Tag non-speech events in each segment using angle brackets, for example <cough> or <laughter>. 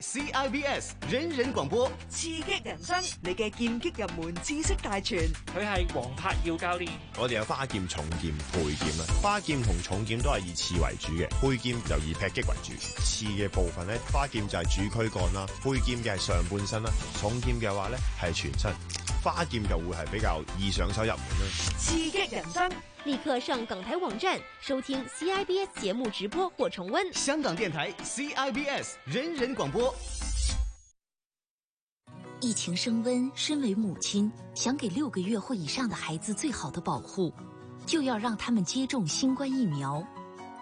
CIBS 人人廣播，刺激人生，你嘅劍擊入門知識大全。佢係黃柏耀教練。我哋有花劍、重劍、佩劍啊。花劍同重劍都係以刺為主嘅，佩劍就以劈擊為主。刺嘅部分咧，花劍就係主軀幹啦，佩劍嘅係上半身啦，重劍嘅話咧係全身。花劍就會係比較易上手入門啦。刺激人生，立刻上港台網站收聽 CIBS 節目直播或重溫。香港電台 CIBS 人人廣播。疫情升溫，身為母親，想給六個月或以上的孩子最好的保護，就要讓他們接種新冠疫苗。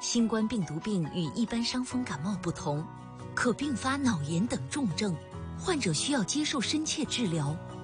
新冠病毒病與一般傷風感冒不同，可併發腦炎等重症，患者需要接受深切治療。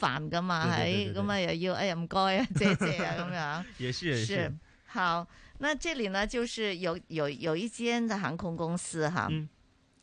煩噶嘛，係咁啊又要，哎唔該，謝謝啊，咁 <laughs> 樣，是好。那這裏呢，就是有有有一間嘅航空公司哈。嗯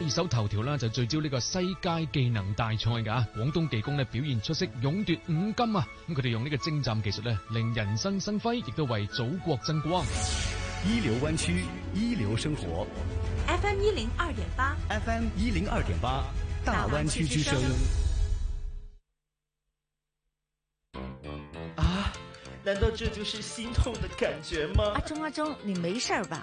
二手頭條啦，就聚焦呢個世界技能大賽噶、啊，廣東技工咧，表現出色，勇奪五金啊！咁佢哋用呢個精湛技術咧，令人生生輝，亦都為祖國爭光。一流灣區，一流生活。F M 一零二點八，F M 一零二點八，大灣區之聲。啊？難道這就是心痛的感覺嗎？阿忠阿忠，你沒事吧？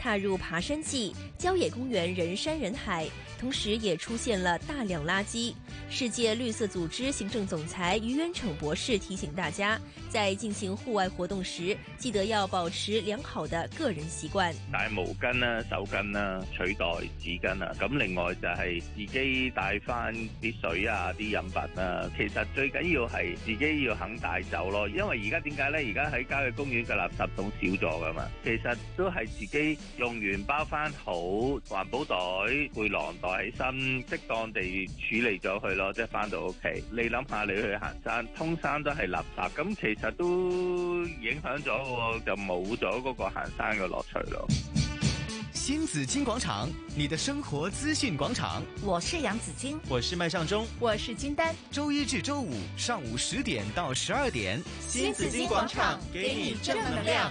踏入爬山季，郊野公園人山人海，同時也出現了大量垃圾。世界綠色組織行政總裁余淵逞博士提醒大家，在進行戶外活動時，記得要保持良好的個人習慣，帶毛巾啊、手巾啊、取代紙巾啊。咁另外就係自己帶翻啲水啊、啲飲品啊，其實最緊要係自己要肯帶走咯，因為而家點解咧？而家喺郊野公園嘅垃圾桶少咗噶嘛，其實都係自己。用完包翻好，環保袋、背囊袋起身，適當地處理咗佢咯，即係翻到屋企。你諗下，你去行山，通山都係垃圾，咁其實都影響咗，就冇咗嗰個行山嘅樂趣咯。新紫金廣場，你的生活資訊廣場。我是楊紫金，我是麥尚中，我是金丹。周一至周五上午十點到十二點，新紫金廣場給你正能量。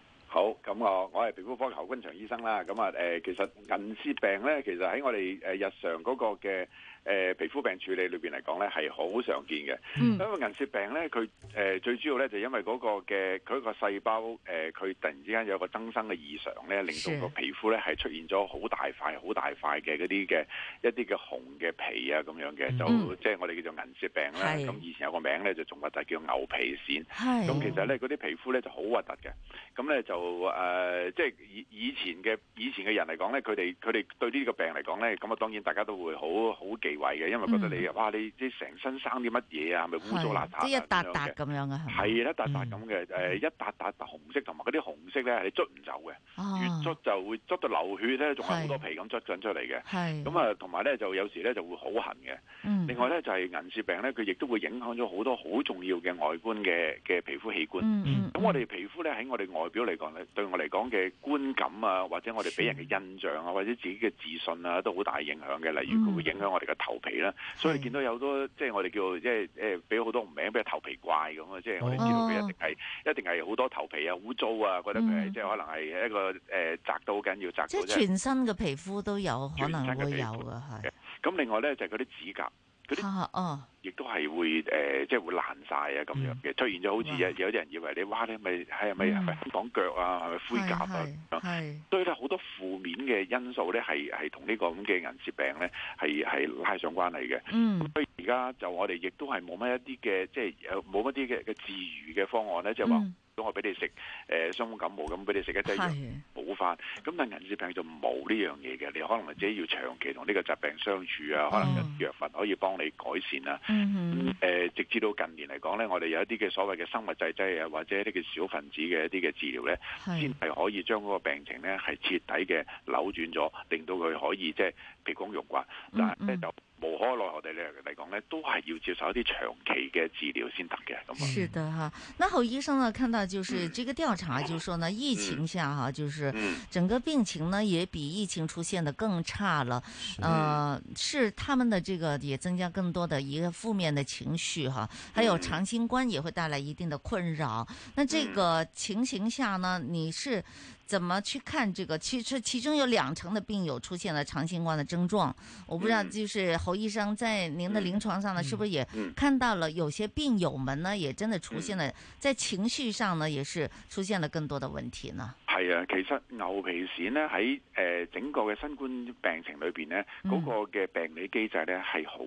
好，咁我我係皮膚科侯鈞翔醫生啦。咁啊，誒、呃，其實銀屑病咧，其實喺我哋誒日常嗰個嘅。誒、呃、皮膚病處理裏邊嚟講咧，係好常見嘅。嗯、因為銀屑病咧，佢誒、呃、最主要咧就因為嗰個嘅佢個細胞誒，佢、呃、突然之間有一個增生嘅異常咧，令到個皮膚咧係出現咗好大塊、好大塊嘅嗰啲嘅一啲嘅紅嘅皮啊咁樣嘅，就、嗯、即係我哋叫做銀屑病啦。咁的以前有個名咧就仲核突叫牛皮癬。咁的其實咧嗰啲皮膚咧就好核突嘅。咁咧就誒、呃，即係以以前嘅以前嘅人嚟講咧，佢哋佢哋對呢個病嚟講咧，咁啊當然大家都會好好忌。地位嘅，因為覺得你，嗯、哇！你啲成身生啲乜嘢啊？係咪污糟邋遢？一笪笪咁樣嘅，係一笪笪咁嘅。誒、呃，一笪笪紅色，同埋嗰啲紅色咧，係你捽唔走嘅。啊、越捽就會捽到流血咧，仲有好多皮咁捽進出嚟嘅。咁啊是，同埋咧就有時咧就會好痕嘅。嗯、另外咧就係、是、銀屑病咧，佢亦都會影響咗好多好重要嘅外觀嘅嘅皮膚器官。咁、嗯嗯、我哋皮膚咧喺我哋外表嚟講，對我嚟講嘅觀感啊，或者我哋俾人嘅印象啊，或者自己嘅自信啊，都好大影響嘅。例如佢會影響我哋嘅。頭皮啦，所以你見到有好多即係我哋叫即係誒，俾好多唔名，俾頭皮怪咁啊，即係我哋知道佢一定係、哦、一定係好多頭皮啊污糟啊，覺得佢係、嗯、即係可能係一個誒擲到好緊要擲到全身嘅皮膚都有可能會有啊，係。咁的另外咧就係嗰啲指甲。啲哦，亦、啊啊嗯、都係會誒，即、呃、係、就是、會爛晒啊咁樣嘅，出現咗好似有哇有啲人以為你哇，你咪係咪香港腳啊，係咪灰甲啊？係，樣所以咧好多負面嘅因素咧係係同呢個咁嘅銀屑病咧係係拉上關係嘅。嗯，所以而家就我哋亦都係冇乜一啲嘅，即係冇乜一啲嘅嘅治癒嘅方案咧，就係、是、話、嗯。我俾你食誒、呃、傷風感冒咁，俾你食一劑藥補翻。咁的但銀屑病就冇呢樣嘢嘅，你可能自己要長期同呢個疾病相處啊。哦、可能藥物可以幫你改善啊。咁、嗯哼嗯、直至到近年嚟講咧，我哋有一啲嘅所謂嘅生物製劑啊，或者啲嘅小分子嘅一啲嘅治療咧，先係的可以將嗰個病情咧係徹底嘅扭轉咗，令到佢可以即係皮光肉滑。嗱咧就。無可奈何地嚟嚟講呢都係要接受一啲長期嘅治療先得嘅。咁，是的哈。那侯醫生呢？看到就是這個調查，就是說呢、嗯、疫情下哈，就是整個病情呢也比疫情出現得更差了。嗯、呃，是他們的這個也增加更多的一個負面的情緒哈，還有長新冠也會帶來一定的困擾。那這個情形下呢，你是？怎麼去看這個？其實其中有兩成的病友出現了長新冠的症狀，我不知道，就是侯醫生在您的臨床上呢，是不是也看到了有些病友們呢，也真的出現了在情緒上呢，也是出現了更多的問題呢？係啊，其實牛皮癬呢喺，誒、呃、整個嘅新冠病情裏邊呢，嗯、嗰個嘅病理機制呢係好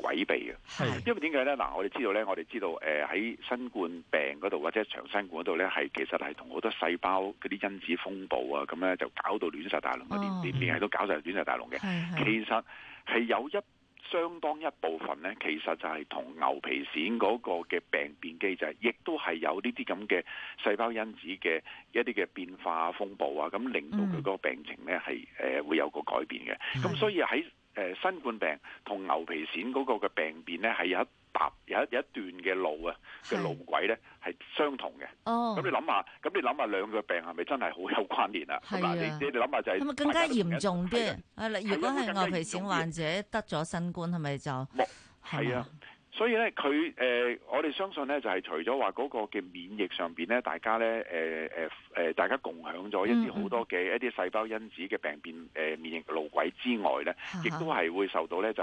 詭秘啊，是因為點解呢？嗱，我哋知道呢，我哋知道誒喺、呃、新冠病嗰度或者長新冠嗰度呢，係其實係同好多細胞嗰啲因子風暴啊，咁咧就搞到亂晒大龍，連連係都搞晒亂晒大龍嘅。嗯嗯、其實係有一相當一部分咧，其實就係同牛皮癬嗰個嘅病變機制，亦都係有呢啲咁嘅細胞因子嘅一啲嘅變化風暴啊，咁令到佢個病情咧係誒會有個改變嘅。咁的所以喺誒新冠病同牛皮癬嗰個嘅病變咧係有一。搭有一有一段嘅路啊嘅路軌咧，係相同嘅，咁你諗下，咁你諗下兩個病係咪真係好有關聯啊？係啊，咁你諗下就係，係咪更加嚴重啲？啊，你如果係牛皮癬患者得咗新冠係咪就係啊？所以咧，佢、呃、誒，我哋相信咧，就係除咗話嗰個嘅免疫上邊咧，大家咧誒、呃呃、大家共享咗一啲好多嘅一啲細胞因子嘅病變誒、呃、免疫路軌之外咧，亦都係會受到咧、就是，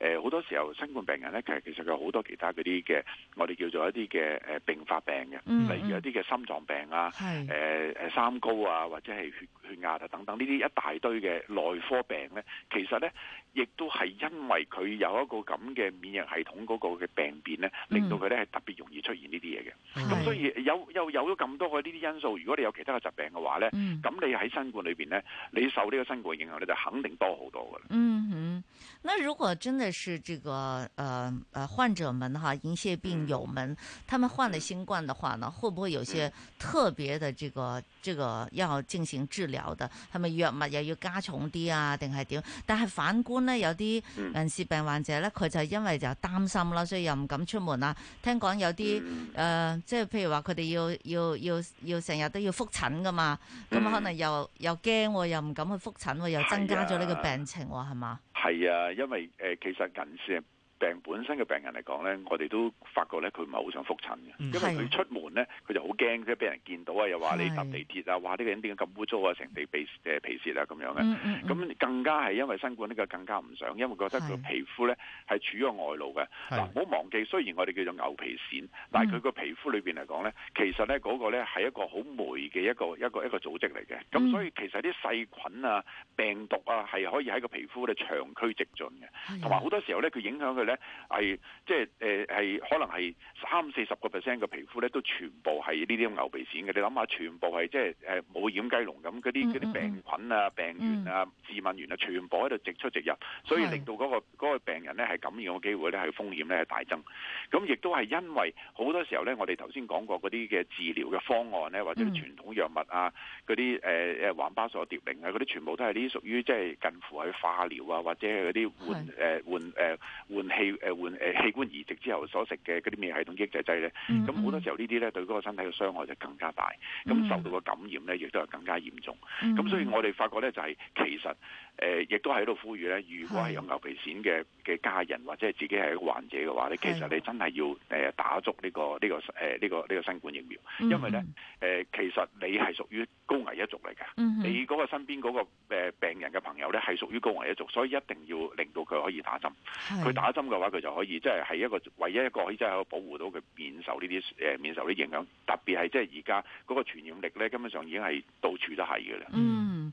就係誒好多時候新冠病人咧，其實其實有好多其他嗰啲嘅我哋叫做一啲嘅誒併發病嘅，例如一啲嘅心臟病啊，誒、呃、三高啊，或者係血血壓啊等等呢啲一大堆嘅內科病咧，其實咧。亦都係因為佢有一個咁嘅免疫系統嗰個嘅病變咧，令到佢咧係特別容易出現呢啲嘢嘅。咁、嗯、所以有又有咗咁多嘅呢啲因素，如果你有其他嘅疾病嘅話咧，咁、嗯、你喺新冠裏邊咧，你受呢個新冠影響，你就肯定多好多㗎喇、嗯。嗯哼，那如果真的是這個呃呃患者們哈，銀屑病友們，他們患了新冠的話呢，會不會有些特別的這個這個要進行治療的？係咪藥物又要加重啲啊？定係點？但係反觀。咧、嗯、有啲人士病患者咧，佢就因為就擔心啦，所以又唔敢出門啦。聽講有啲誒，即係、嗯呃、譬如話佢哋要要要要成日都要覆診噶嘛，咁、嗯、可能又又驚，又唔敢去覆診，又增加咗呢個病情，係嘛、啊？係吧啊，因為誒、呃，其實人士。病本身嘅病人嚟講咧，我哋都發覺咧，佢唔係好想覆診嘅，因為佢出門咧，佢就好驚即係俾人見到啊，又話你搭地鐵啊，話呢個人點解咁污糟啊，成地被誒皮屑啊咁樣嘅。咁更加係因為新冠呢個更加唔想，因為覺得佢皮膚咧係處於外露嘅。嗱，唔好忘記，雖然我哋叫做牛皮癬，但係佢個皮膚裏邊嚟講咧，其實咧嗰個咧係一個好霉嘅一個一個一個組織嚟嘅。咁所以其實啲細菌啊、病毒啊係可以喺個皮膚咧長驅直進嘅，同埋好多時候咧佢影響佢。咧即係誒係可能係三四十個 percent 嘅皮膚咧，都全部係呢啲牛皮癬嘅。你諗下，全部係即係誒冇掩雞籠咁嗰啲啲病菌啊、病原啊、致敏、嗯、原啊，全部喺度直出直入，所以令到嗰個病人咧係感染嘅機會咧係風險咧係大增。咁亦都係因為好多時候咧，我哋頭先講過嗰啲嘅治療嘅方案咧，或者傳統藥物啊、嗰啲誒誒環孢素、蝶靈啊，嗰啲全部都係啲屬於即係近乎係化療啊，或者係嗰啲換誒換誒換。是換換換器誒換誒器官移植之後所食嘅嗰啲免疫系統抑制劑咧，咁好、嗯嗯、多時候呢啲咧對嗰個身體嘅傷害就更加大，咁、嗯嗯、受到嘅感染咧亦都係更加嚴重，咁、嗯嗯、所以我哋發覺咧就係其實。誒，亦都喺度呼籲咧。如果係有牛皮癬嘅嘅家人，的或者係自己係一個患者嘅話咧，的其實你真係要誒打足呢、呢個呢、呢個誒呢、呢個呢、呢個呢個新冠疫苗，嗯、哼因為咧誒，其實你係屬於高危一族嚟嘅。嗯、哼你嗰個身邊嗰個病人嘅朋友咧，係屬於高危一族，所以一定要令到佢可以打針。佢的打針嘅話，佢就可以即係係一個唯一一個可以真係可以保護到佢免受呢啲誒免受啲影響。特別係即係而家嗰個傳染力咧，根本上已經係到處都係㗎喇。嗯。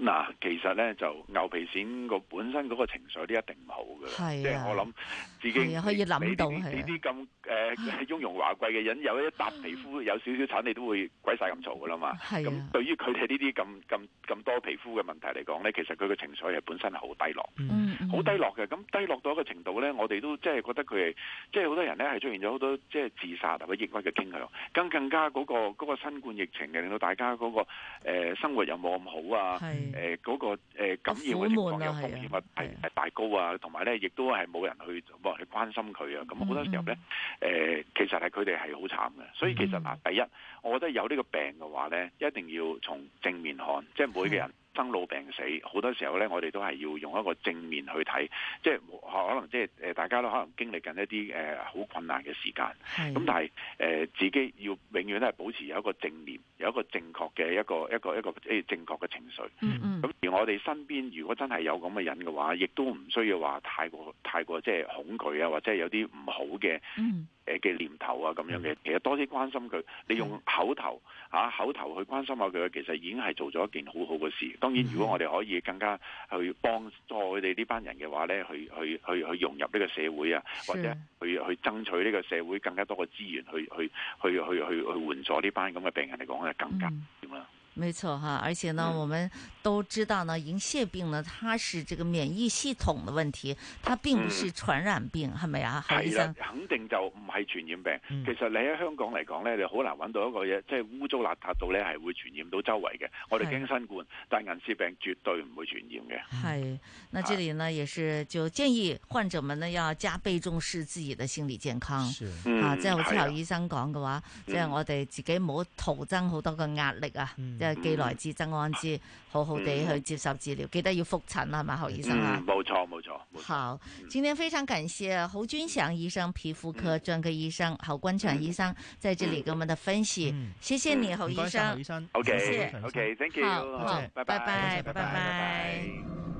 嗱，其實咧就牛皮癬個本身嗰個情緒咧一定唔好嘅，即係、啊、我諗自己，啊、可以諗到你啲、啊、你啲咁誒雍容華貴嘅人，有一笪皮膚有少少疹，你哋都會鬼晒咁嘈噶啦嘛。咁、啊、對於佢哋呢啲咁咁咁多皮膚嘅問題嚟講咧，其實佢嘅情緒係本身係好低落，好、嗯、低落嘅。咁低落到一個程度咧，我哋都即係覺得佢係即係好多人咧係出現咗好多即係自殺同埋抑鬱嘅傾向，更更加嗰、嗰個嗰個新冠疫情嘅令到大家嗰、嗰個、呃、生活又冇咁好啊。誒嗰個誒感染嘅情況有風險啊，係大高啊，同埋咧亦都係冇人去幫去關心佢啊，咁好多時候咧誒，其實係佢哋係好慘嘅，所以其實嗱，第一，我覺得有呢個病嘅話咧，一定要從正面看，即係每個人。生老病死，好多時候咧，我哋都係要用一個正面去睇，即係可能即係誒，大家都可能經歷緊一啲誒好困難嘅時間，咁是的 但係誒自己要永遠都係保持有一個正面，有一個正確嘅一個一個一個誒正確嘅情緒，嗯嗯。咁而我哋身邊如果真係有咁嘅人嘅話，亦都唔需要話太過太過即係恐懼啊，或者有啲唔好嘅。嗯。誒嘅念頭啊，咁樣嘅，其實多啲關心佢，你用口頭嚇是的、啊、口頭去關心下佢，其實已經係做咗一件好好嘅事。當然，如果我哋可以更加去幫助佢哋呢班人嘅話咧，去去去去融入呢個社會啊，或者去去爭取呢個社會更加多嘅資源去去去去去去援助呢班咁嘅病人嚟講咧，就更加點啦。是的 嗯。沒錯哈，而且呢，我們都知道呢，銀屑病呢，它是這個免疫系統的問題，它並不是傳染病，係咪啊？係啦，肯定就唔係傳染病。其實你喺香港嚟講呢，你好難揾到一個嘢，即係污糟邋遢到呢，係會傳染到周圍嘅。我哋驚新冠，但銀屑病絕對唔會傳染嘅。係，那這裡呢也是就建議患者們呢要加倍重視自己的心理健康，吓，即係好似侯醫生講嘅話，即係我哋自己唔好徒增好多嘅壓力啊。寄來自曾安之，好好地去接受治療，記得要覆診啦，係嘛，侯醫生啊？冇錯冇錯。好，今天非常感謝侯鈞翔醫生，皮膚科專科醫生侯鈞翔醫生，在這裡給我們的分析，謝謝你，侯醫生。侯醫生，侯醫生，OK，OK，Thank you，好，拜拜，拜拜，拜拜。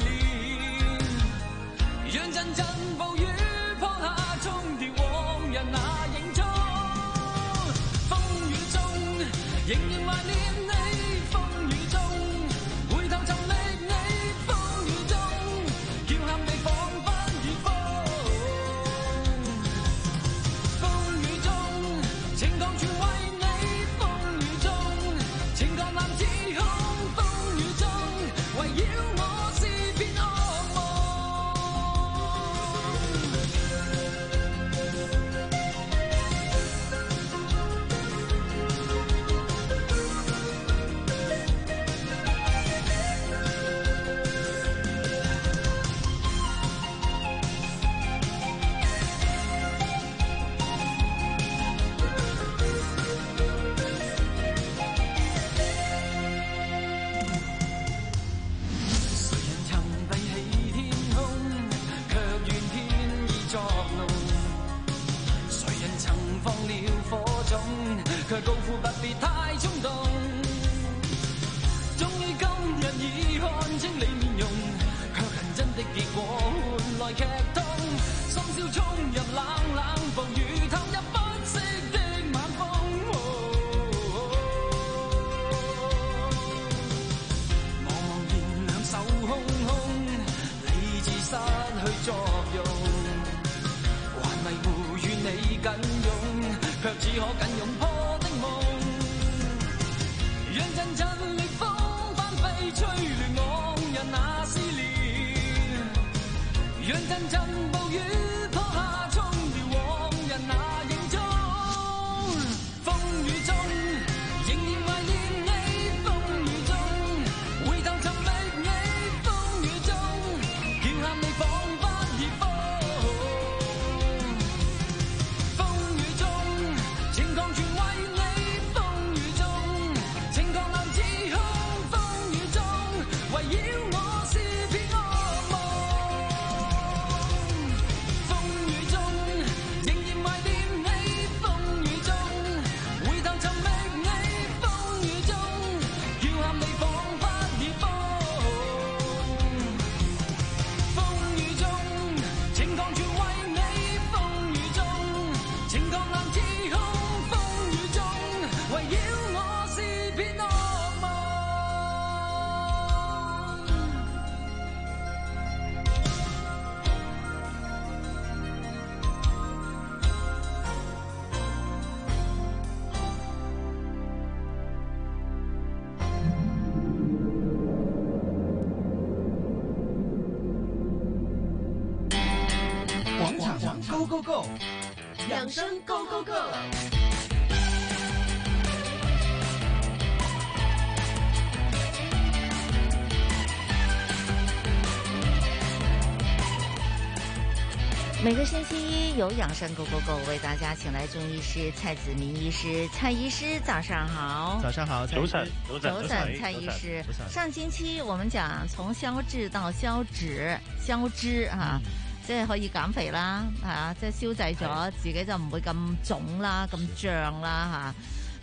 每個星期一有養生 Go Go Go，為大家請來中醫師蔡梓銘醫師，蔡醫師早上好，早上好，早晨早晨早晨蔡醫師。上星期我們講從消滯到消脂消脂啊，即係可以減肥啦，啊，即係消滯咗，自己就唔會咁腫啦，咁脹啦哈。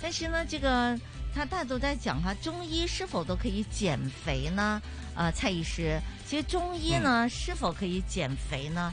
但是呢，這個，大家都在講哈中醫是否都可以減肥呢？啊，蔡醫師，其實中醫呢是否可以減肥呢？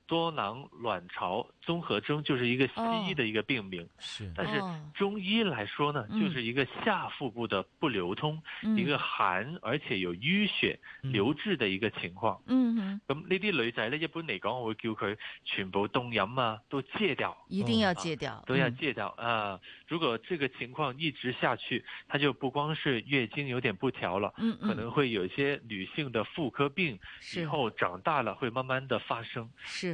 多囊卵巢綜合徵就是一個西醫的一個病名，是，但是中醫來說呢，就是一個下腹部的不流通，一個寒，而且有淤血留滯的一個情況。嗯嗯。那咁呢啲女仔咧，一般嚟講，我會叫佢全部凍嘢嘛都戒掉，一定要戒掉，都要戒掉啊！如果這個情況一直下去，她就不光是月經有點不調了，嗯，可能會有一些女性的婦科病，以後長大了會慢慢的發生，是。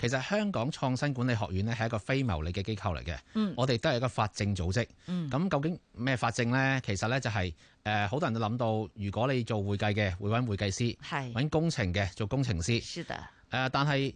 其實香港創新管理學院咧係一個非牟利嘅機構嚟嘅，嗯、我哋都係一個法證組織。咁、嗯、究竟咩法證咧？其實咧就係誒好多人都諗到，如果你做會計嘅，會揾會計師；揾是工程嘅，做工程師。是的。呃、但係。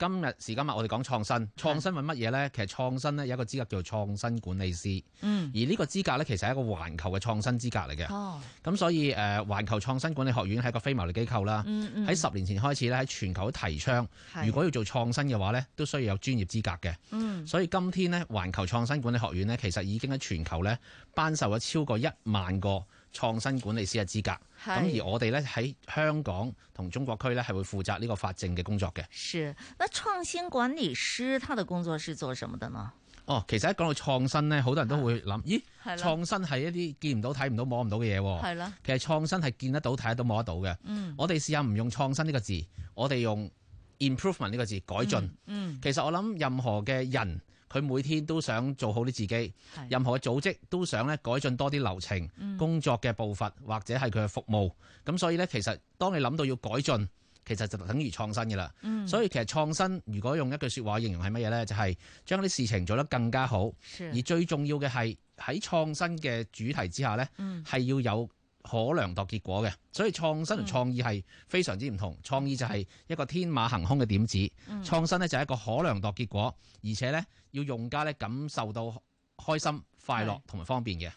今日時今日，我哋講創新。創新揾乜嘢呢？其實創新咧有一個資格叫做創新管理師。嗯。而呢個資格咧，其實係一個環球嘅創新資格嚟嘅。哦。咁所以誒，呃、環球創新管理學院係一個非牟利機構啦。喺、嗯嗯、十年前開始咧，喺全球提倡，如果要做創新嘅話咧，都需要有專業資格嘅。嗯。所以今天咧，環球創新管理學院咧，其實已經喺全球咧頒授咗超過一萬個。創新管理師嘅資格，咁是而我哋咧喺香港同中國區咧係會負責呢個法證嘅工作嘅。是，那創新管理師，他的工作是做什麼的呢？哦，其實一講到創新咧，好多人都會諗，是咦，創新係一啲見唔到、睇唔到、摸唔到嘅嘢，係的其實創新係見得到、睇得到、摸得到嘅。嗯，我哋試下唔用創新呢個字，我哋用 improvement 呢個字，改進。嗯嗯，其實我諗任何嘅人。佢每天都想做好啲自己，任何嘅組織都想咧改進多啲流程、是工作嘅步伐，或者係佢嘅服務。咁所以咧，其實當你諗到要改進，其實就等於創新嘅啦。嗯、所以其實創新如果用一句説話形容係乜嘢呢？就係將啲事情做得更加好。是而最重要嘅係，喺創新嘅主題之下呢，係、嗯、要有，可量度結果嘅，所以創新同創意係非常之唔同。嗯、創意就係一個天馬行空嘅點子，嗯、創新呢就係一個可量度結果，而且呢，要用家呢感受到開心、快樂同埋方便嘅。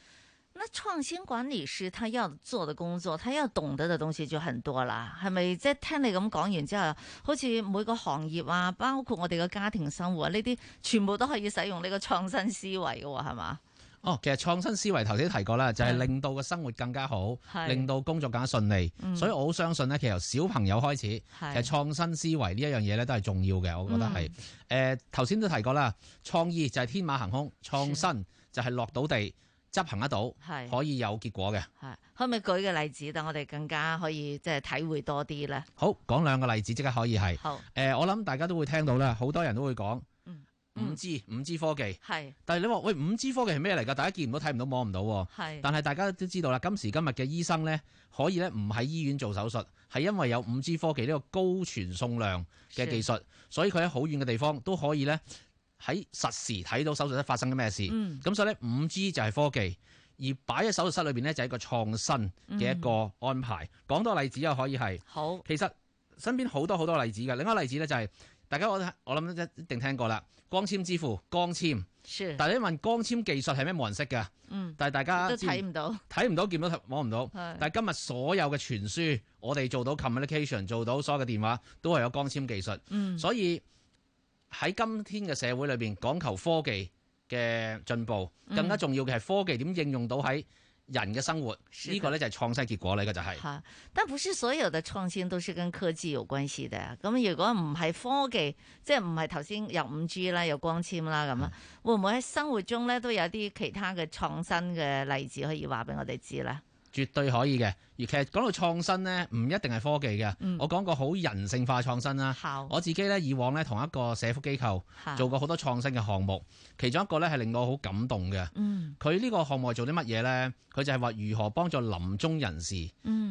那創新管理師，他要做的工作，他要懂得的東西就很多啦。係咪即係聽你咁講完之後，好似每個行業啊，包括我哋嘅家庭生活啊呢啲，這些全部都可以使用呢個創新思維㗎，啊，係嘛？哦，其實創新思維頭先提過啦，是就係令到個生活更加好，是令到工作更加順利。嗯、所以我好相信咧，其實由小朋友開始，是其實創新思維呢一樣嘢咧都係重要嘅。我覺得係，誒頭先都提過啦，創意就係天馬行空，創新就係落到地執行得到，是可以有結果嘅。係，可唔可以舉個例子，等我哋更加可以即係體會多啲咧？好，講兩個例子即刻可以係。好，呃、我諗大家都會聽到啦，好多人都會講。五 G 五 G 科技，係是，但係你話喂五 G 科技係咩嚟噶？大家見唔到睇唔到摸唔到，係，是但係大家都知道啦。今時今日嘅醫生咧，可以咧唔喺醫院做手術，係因為有五 G 科技呢個高傳送量嘅技術，是所以佢喺好遠嘅地方都可以咧喺實時睇到手術室發生嘅咩事。咁、嗯、所以咧五 G 就係科技，而擺喺手術室裏邊咧就係一個創新嘅一個安排。講、嗯、多例子又可以係，好，其實身邊好多好多例子嘅。另一個例子咧就係、是。大家我我諗一定聽過啦，光纖之父，光纖，是但係你問光纖技術係咩模式㗎？嗯、但係大家都睇看唔到，睇唔到，見到，摸唔到。是但係今日所有嘅傳輸，我哋做到 communication，做到所有嘅電話都係有光纖技術。嗯、所以喺今天嘅社會裏面，講求科技嘅進步，更加重要嘅係科技點應用到喺。人嘅生活呢的個咧就係創新結果呢個就係，但不是所有嘅創新都是跟科技有關係嘅。咁如果唔係科技，即係唔係頭先有五 G 啦，有光纖啦咁啊，會唔會喺生活中咧都有啲其他嘅創新嘅例子可以話俾我哋知咧？絕對可以嘅。而其實講到創新呢，唔一定係科技嘅。嗯、我講個好人性化創新啦。好我自己呢以往呢，同一個社福機構做過好多創新嘅項目。是其中一個呢係令我好感動嘅。佢呢、嗯、個項目做啲乜嘢呢？佢就係話如何幫助臨終人士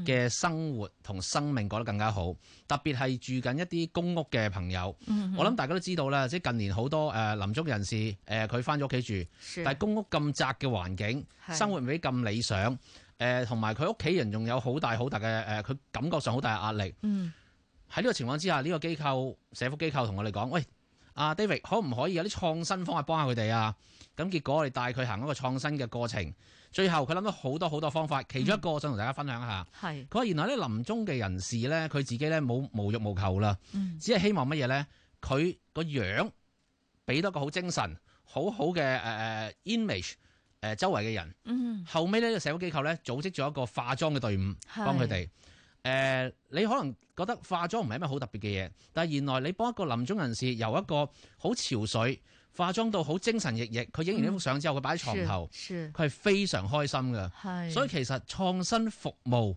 嘅生活同生命過得更加好，嗯、特別係住緊一啲公屋嘅朋友。嗯、哼我諗大家都知道啦，即係近年好多誒臨終人士誒佢翻咗屋企住，是但係公屋咁窄嘅環境，是生活唔俾咁理想。誒同埋佢屋企人仲有好大好大嘅佢、呃、感覺上好大嘅壓力。喺呢、嗯、個情況之下，呢、呢個機構社福機構同我哋講，喂，阿、啊、David 可唔可以有啲創新方法幫下佢哋啊？咁結果我哋帶佢行一個創新嘅過程，最後佢諗到好多好多方法。其中一個我想同大家分享一下，係佢話原來咧臨終嘅人士咧，佢自己咧冇無欲無求啦，嗯、只係希望乜嘢咧？佢個樣俾多個好精神、好好嘅誒誒 image。誒周圍嘅人，嗯、後尾呢個社會機構咧組織咗一個化妝嘅隊伍幫佢哋。誒是、呃，你可能覺得化妝唔係乜好特別嘅嘢，但係原來你幫一個臨終人士由一個好憔悴化妝到好精神奕奕，佢影完呢幅相之後，佢擺喺床頭，佢係非常開心㗎。是所以其實創新服務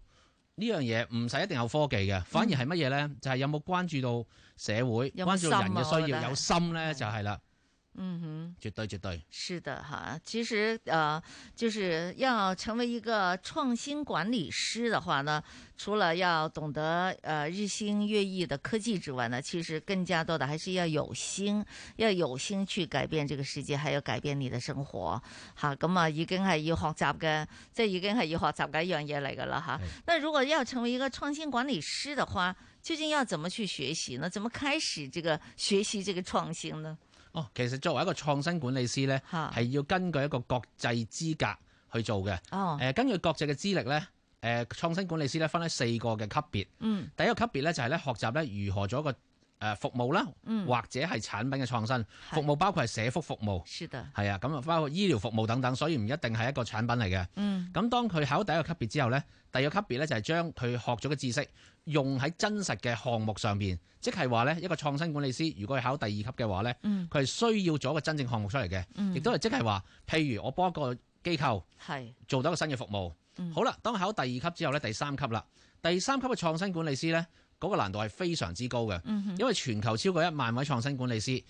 呢樣嘢唔使一定有科技嘅，反而係乜嘢呢？就係、是、有冇關注到社會、嗯、關注到人嘅需要，有，有，心啊、有心呢是就係啦。嗯哼，絕對絕對是的哈。其實呃，就是要成為一個創新管理師的話呢，除了要懂得呃日新月異的科技之外呢，其實更加多的還是要有心，要有心去改變這個世界，還有改變你的生活。哈、嗯，咁啊，已經係要學習嘅，即係已經係要學習嘅一樣嘢嚟噶啦哈。那如果要成為一個創新管理師的話，究竟要怎麼去學習呢？怎麼開始這個學習這個創新呢？哦，其實作為一個創新管理師呢，係是要根據一個國際資格去做嘅。哦、呃，根據國際嘅資歷呢，誒創新管理師呢，分呢四個嘅級別。嗯，第一個級別呢，就係、是、咧學習咧如何做一個誒服務啦，嗯、或者係產品嘅創新。是服務包括係社福服務，是係的啊，咁啊包括醫療服務等等，所以唔一定係一個產品嚟嘅。嗯，咁當佢考第一個級別之後呢，第二個級別呢，就係將佢學咗嘅知識。用喺真實嘅項目上面，即係話一個創新管理師，如果係考第二級嘅話咧，佢係、嗯、需要做一個真正項目出嚟嘅，亦都係即係話，譬如我幫一個機構做到一個新嘅服務。嗯、好啦，當考第二級之後，第三級啦，第三級嘅創新管理師呢，嗰、嗰個難度係非常之高嘅，嗯、哼因為全球超過一萬位創新管理師，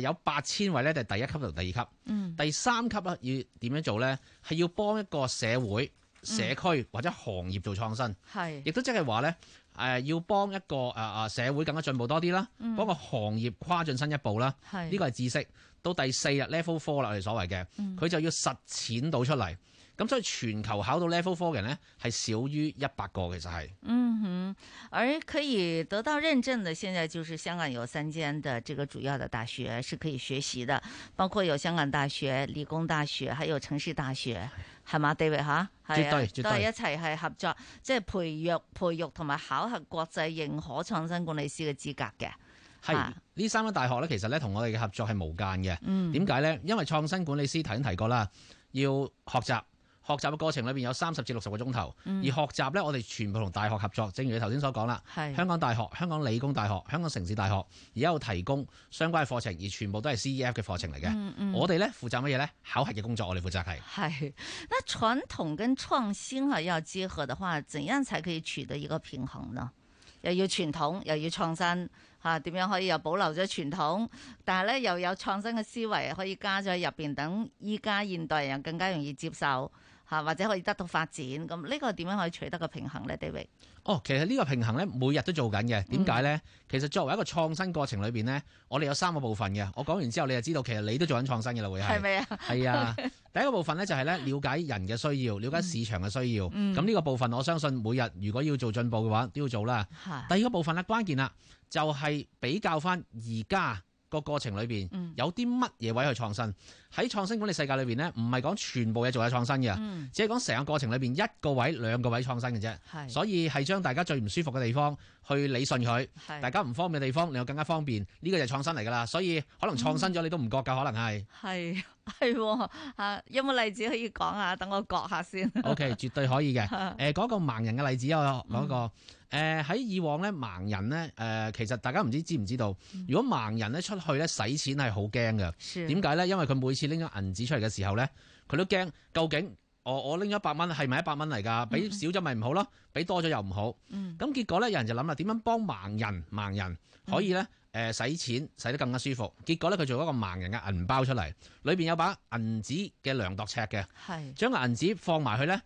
有八千位就係第一級同第二級，嗯、第三級咧要點樣做呢？係要幫一個社會、社區或者行業做創新，亦都即係話呢。誒、呃、要幫一個誒誒、呃、社會更加進步多啲啦，幫個行業跨進新一步啦。呢、嗯、個係知識。到第四日 level four 啦，我哋所謂嘅，佢就要實踐到出嚟。咁、嗯、所以全球考到 level four 嘅人咧，係少於一百個其實係。嗯哼，而可以得到認證的，現在就是香港有三間的這個主要的大學是可以學習的，包括有香港大學、理工大學，還有城市大學。係嘛地域位嚇，係都係一齊係合作，即係培育、培育同埋考核國際認可創新管理師嘅資格嘅。係呢三間大學咧，其實咧同我哋嘅合作係無間嘅。點解咧？因為創新管理師頭先提過啦，要學習。學習嘅過程裏邊有三十至六十個鐘頭，嗯、而學習呢，我哋全部同大學合作。正如你頭先所講啦，是的香港大學、香港理工大學、香港城市大學，而家有提供相關嘅課程，而全部都係 CEF 嘅課程嚟嘅、嗯嗯。我哋呢，負責乜嘢呢？考核嘅工作我哋負責係。係，那傳統跟創新係要結合的話，怎樣才可以取得一個平衡呢？又要傳統，又要創新嚇，點、啊、樣可以又保留咗傳統，但係呢，又有創新嘅思維可以加咗入邊，等依家現代人更加容易接受。或者可以得到發展，咁呢個點樣可以取得個平衡呢？地榮哦，其實呢個平衡呢，每日都做緊嘅。點解呢？其實作為一個創新過程裏面呢，我哋有三個部分嘅。我講完之後，你就知道其實你都做緊創新嘅啦，會係。係咪啊？係啊！第一個部分呢，就係了解人嘅需要，了解市場嘅需要。嗯。咁呢個部分我相信每日如果要做進步嘅話，都要做啦。嗯、第二個部分咧，關鍵啦，就係、是、比較翻而家，個過程裏邊有啲乜嘢位去創新？喺創新管理世界裏邊咧，唔係講全部嘢做係創新嘅，只係講成個過程裏邊一個位、兩個位創新嘅啫。所以係將大家最唔舒服嘅地方去理順佢，大家唔方便嘅地方令到更加方便，呢個就係創新嚟噶啦。所以可能創新咗你都唔覺噶，可能係。係係，嚇有冇例子可以講下？等我講下先。OK，絕對可以嘅。誒，嗰個盲人嘅例子，我講嗰個。誒喺、呃、以往咧盲人咧、呃、其實大家唔知知唔知道，如果盲人咧出去咧使錢係好驚㗎。點解咧？因為佢每次拎咗銀紙出嚟嘅時候咧，佢都驚究竟我我拎咗一百蚊係咪一百蚊嚟㗎？俾、嗯、少咗咪唔好咯，俾多咗又唔好。咁、嗯、結果咧，有人就諗啦，點樣幫盲人盲人可以咧誒使錢使得更加舒服？結果咧，佢做一個盲人嘅銀包出嚟，裏面有把銀紙嘅量度尺嘅，將個銀紙放埋去咧。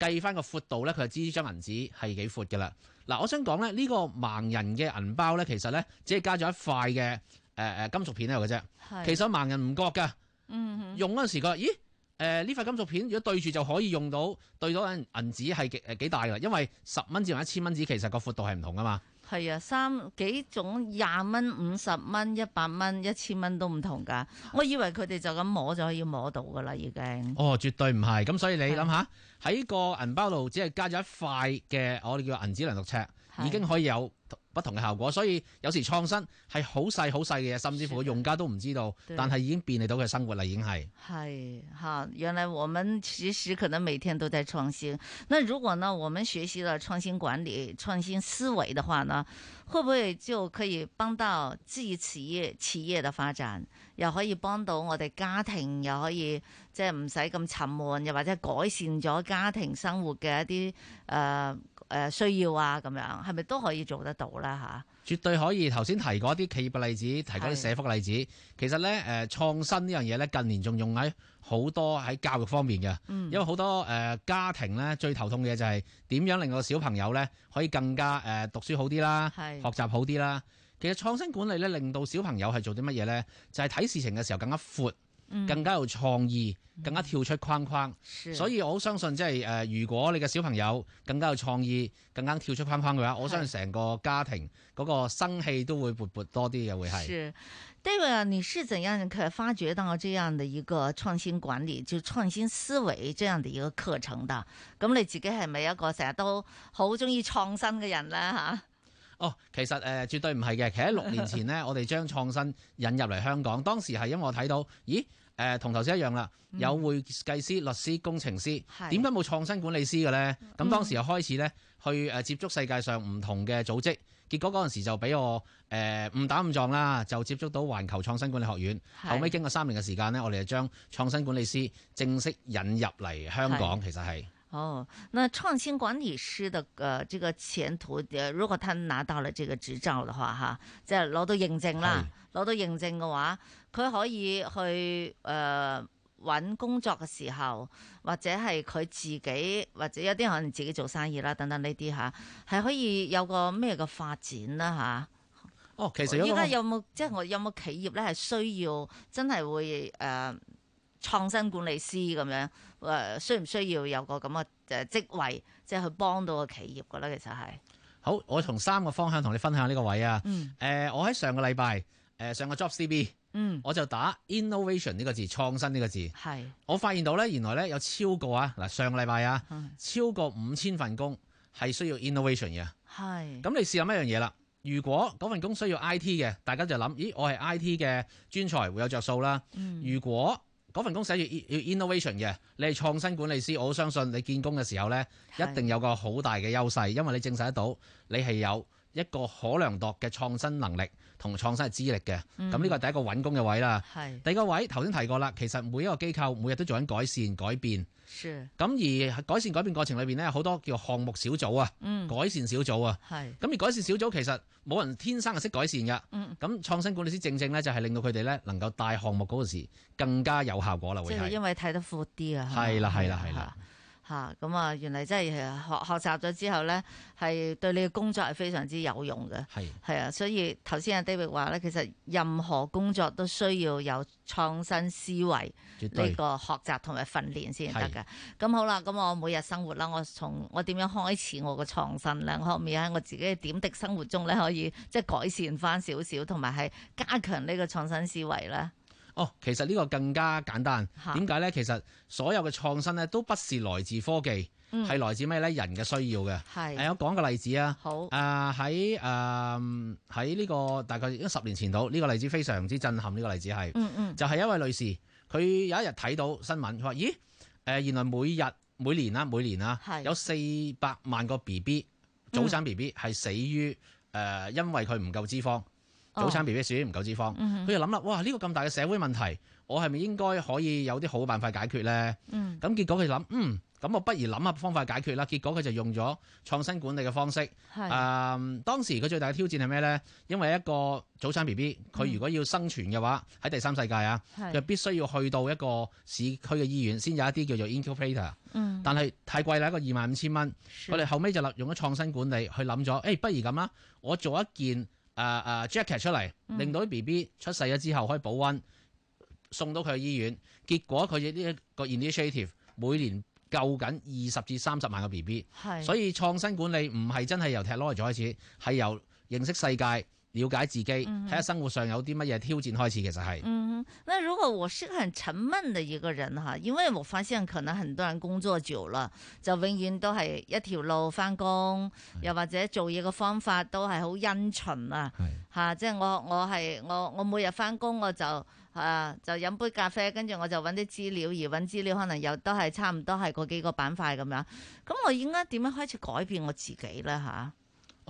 計返個闊度呢，佢就知張銀紙係幾闊㗎喇。嗱、啊，我想講呢，呢、呢個盲人嘅銀包呢，其實呢，只係加咗一塊嘅、呃、金屬片喺度嘅啫。的其實盲人唔覺㗎，嗯、哼用嗰時覺話：咦，呢、呃、塊金屬片如果對住就可以用到，對到銀紙係幾誒幾大㗎喇，因為十蚊紙同一千蚊紙其實個闊度係唔同㗎嘛。係啊，三幾種廿蚊、五十蚊、一百蚊、一千蚊都唔同㗎。我以為佢哋就咁摸就可以摸到㗎啦，已經。哦，絕對唔係。咁所以你諗下，喺的個銀包度只係加咗一塊嘅，我哋叫銀紙量六尺，已經可以有不同嘅效果，所以有時創新係好細好細嘅，甚至乎用家都唔知道，是但係已經便利到佢生活啦，已經係。係吓，原來我們其實可能每天都在創新。那如果呢，我們學習了創新管理、創新思維的話呢，會不會就可以幫到支持企業嘅發展，又可以幫到我哋家庭，又可以即係唔使咁沉悶，又或者改善咗家庭生活嘅一啲誒。呃呃、需要啊，咁樣係咪都可以做得到啦嚇，絕對可以。頭先提過一啲企業嘅例子，提過啲社福嘅例子。的其實咧，誒、呃、創新呢樣嘢咧，近年仲用喺好多喺教育方面嘅，嗯、因為好多、呃、家庭咧最頭痛嘅就係點樣令個小朋友咧可以更加誒、呃、讀書好啲啦，的學習好啲啦。其實創新管理咧，令到小朋友係做啲乜嘢咧，就係、是、睇事情嘅時候更加闊。更加有創意，更加跳出框框，所以是我好相信，即係如果你嘅小朋友更加有創意，更加跳出框框嘅話，我相信成個家庭嗰個生氣都會勃勃多啲嘅是會係是。David，你是怎樣發掘到這樣的一個創新管理，就是、創新思維這樣的一個課程的？咁你自己係咪一個成日都好中意創新嘅人呢？其實絕對唔係嘅。其實、呃、其實在六年前呢， <laughs> 我哋將創新引入嚟香港，當時係因為我睇到，咦？誒同頭先一樣啦，有會計師、嗯、律師、工程師，點解冇創新管理師嘅咧？咁、嗯、當時又開始咧去誒接觸世界上唔同嘅組織，結果嗰陣時就俾我誒誤、呃、打誤撞啦，就接觸到環球創新管理學院。後尾經過三年嘅時間呢，我哋就將創新管理師正式引入嚟香港。是其實係哦，那創新管理師的誒這個前途，如果他拿到了這個執照的話，嚇，即係攞到認證啦，攞是到認證嘅話。佢可以去誒搵、呃、工作嘅時候，或者係佢自己，或者有啲可能自己做生意啦，等等呢啲吓，係、啊、可以有個咩嘅發展啦吓。啊、哦，其實而家有冇即係我有冇、就是、企業咧係需要真係會誒創、呃、新管理師咁樣誒，需、呃、唔需要有個咁嘅誒職位，即係去幫到個企業嘅咧？其實係好，我從三個方向同你分享呢個位啊。誒、嗯呃，我喺上個禮拜誒上個 Job CB。嗯，我就打 innovation 呢個字，創新呢個字，係是，我發現到咧，原來咧有超過啊，嗱上個禮拜啊，超過五千份工係需要 innovation 嘅，係是，咁你試下一樣嘢啦，如果嗰份工需要 I T 嘅，大家就諗，咦，我係 I T 嘅專才會有着數啦，嗯、如果嗰份工寫住要 innovation 嘅，你係創新管理師，我相信你見工嘅時候咧，一定有一個好大嘅優勢，因為你證實得到你係有。一個可量度嘅創新能力同創新嘅資力嘅，咁呢個係第一個揾工嘅位啦。是第二個位頭先提過啦，其實每一個機構每日都在做緊改善改變。咁是而改善改變過程裏邊咧，好多叫項目小組啊，嗯、改善小組啊。咁是而改善小組其實冇人天生係識改善㗎。咁、嗯、創新管理師正正咧，就係令到佢哋咧能夠帶項目嗰陣時更加有效果啦。即係因為睇得闊啲啊。係啦，係啦，係啦。嚇！咁啊，原嚟真係學學習咗之後呢，係對你嘅工作係非常之有用嘅。係係啊，所以頭先阿 David 話呢，其實任何工作都需要有創新思維呢個學習同埋訓練先得嘅。咁對好啦，咁我每日生活啦，我從我點樣開始我嘅創新呢？我可唔可以喺我自己嘅點滴生活中呢？可以即係改善翻少少，同埋係加強呢個創新思維呢？哦，其實呢個更加簡單。點解呢？其實所有嘅創新呢，都不是來自科技，係、嗯、來自咩呢？人嘅需要嘅。係是。係我講個例子啊。好。誒喺誒喺呢個大概十年前度，呢、這個例子非常之震撼。呢、這個例子係。嗯嗯就係一位女士，佢有一日睇到新聞，佢話：咦誒、呃，原來每日每年啦，每年啦、啊，每年啊、是有四百萬個 B B 早產 B B 係死於誒、呃、因為佢唔夠脂肪。早產 BB 屬於唔夠脂肪，佢、哦嗯、就諗啦，哇！呢、呢個咁大嘅社會問題，我係咪應該可以有啲好嘅辦法解決呢？嗯，咁結果佢諗，嗯，咁我不如諗下方法解決啦。結果佢就用咗創新管理嘅方式。誒是、嗯，當時佢最大嘅挑戰係咩呢？因為一個早產 BB，佢如果要生存嘅話，喺、嗯、第三世界啊，是就必須要去到一個市區嘅醫院，先有一啲叫做 incubator。但係太貴啦，一個二萬五千蚊。佢哋後尾就用咗創新管理去諗咗，誒是、欸，不如咁啦，我做一件。啊、uh, uh, jacket 出嚟，令到啲 BB 出世咗之後可以保溫，嗯、送到佢去醫院，結果佢哋呢個 initiative 每年救緊二十至三十萬個 BB，是所以創新管理唔係真係由 technology 開始，係由認識世界。了解自己，睇下、嗯、哼生活上有啲乜嘢挑戰開始，其實係。嗯，那如果我是個很沉悶的一個人哈，因為我發現可能很多人工作久了，就永遠都係一條路翻工，又或者做嘢嘅方法都係好殷勤啊。吓、就是，即係我我係我我每日翻工我就啊就飲杯咖啡，跟住我就搵啲資料，而搵資料可能又都係差唔多係嗰幾個板塊咁樣。咁我應該點樣開始改變我自己呢？吓？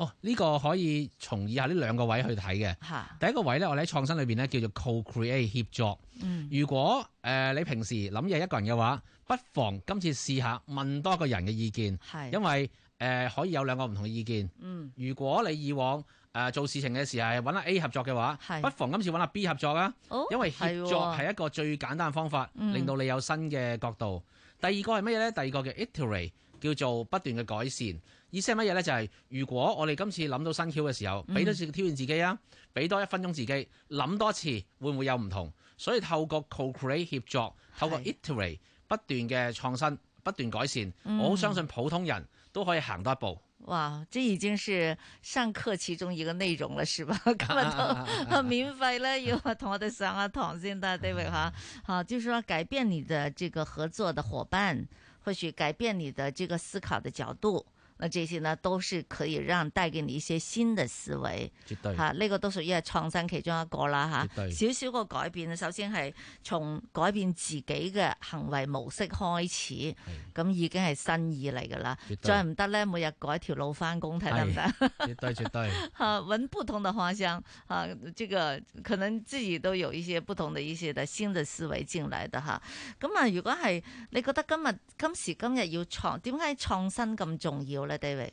哦，呢、呢個可以從以下呢兩個位去睇嘅。哈第一個位咧，我哋喺創新裏面咧叫做 co-create 協作。嗯、如果、呃、你平時諗嘢一個人嘅話，不妨今次試下問多個人嘅意見，是因為、呃、可以有兩個唔同嘅意見。嗯、如果你以往、呃、做事情嘅時候揾阿 A 合作嘅話，是不妨今次揾阿 B 合作啊，哦、因為協作係一個最簡單嘅方法，嗯、令到你有新嘅角度。第二個係乜嘢咧？第二個嘅 iterate 叫做不斷嘅改善。意思係乜嘢咧？就係、是、如果我哋今次諗到新 Q 嘅時候，俾多次挑戰自己啊，俾多一分鐘自己，諗多一次會唔會有唔同？所以透過 co-create 協作，透過 iterate 不斷嘅創新、不斷改善，是我好相信普通人都可以行多一步。哇！即已經是上課其中一個內容了，是吧？咁啊都免費咧，要同我哋上下堂先得，David 對唔哈？哈， <laughs> 就是話改變你的這個合作的伙伴，或許改變你的這個思考的角度。啊，這些呢，都是可以讓人帶給你一些新的思維。絕對吓，呢、啊，這個都屬於係創新其中一個啦，嚇、啊。少少對個改變。首先係從改變自己嘅行為模式開始，咁對已經係新意嚟㗎啦。對再唔得咧，每日改條路返工，睇得唔得？絕對絕對。嚇、 <laughs> 啊，聞不同的花香，吓、啊，這個可能自己都有一些不同的一些的新的思維進嚟得吓。咁啊，啊，如果係你覺得今日今時今日要創，點解創新咁重要？誒 David,、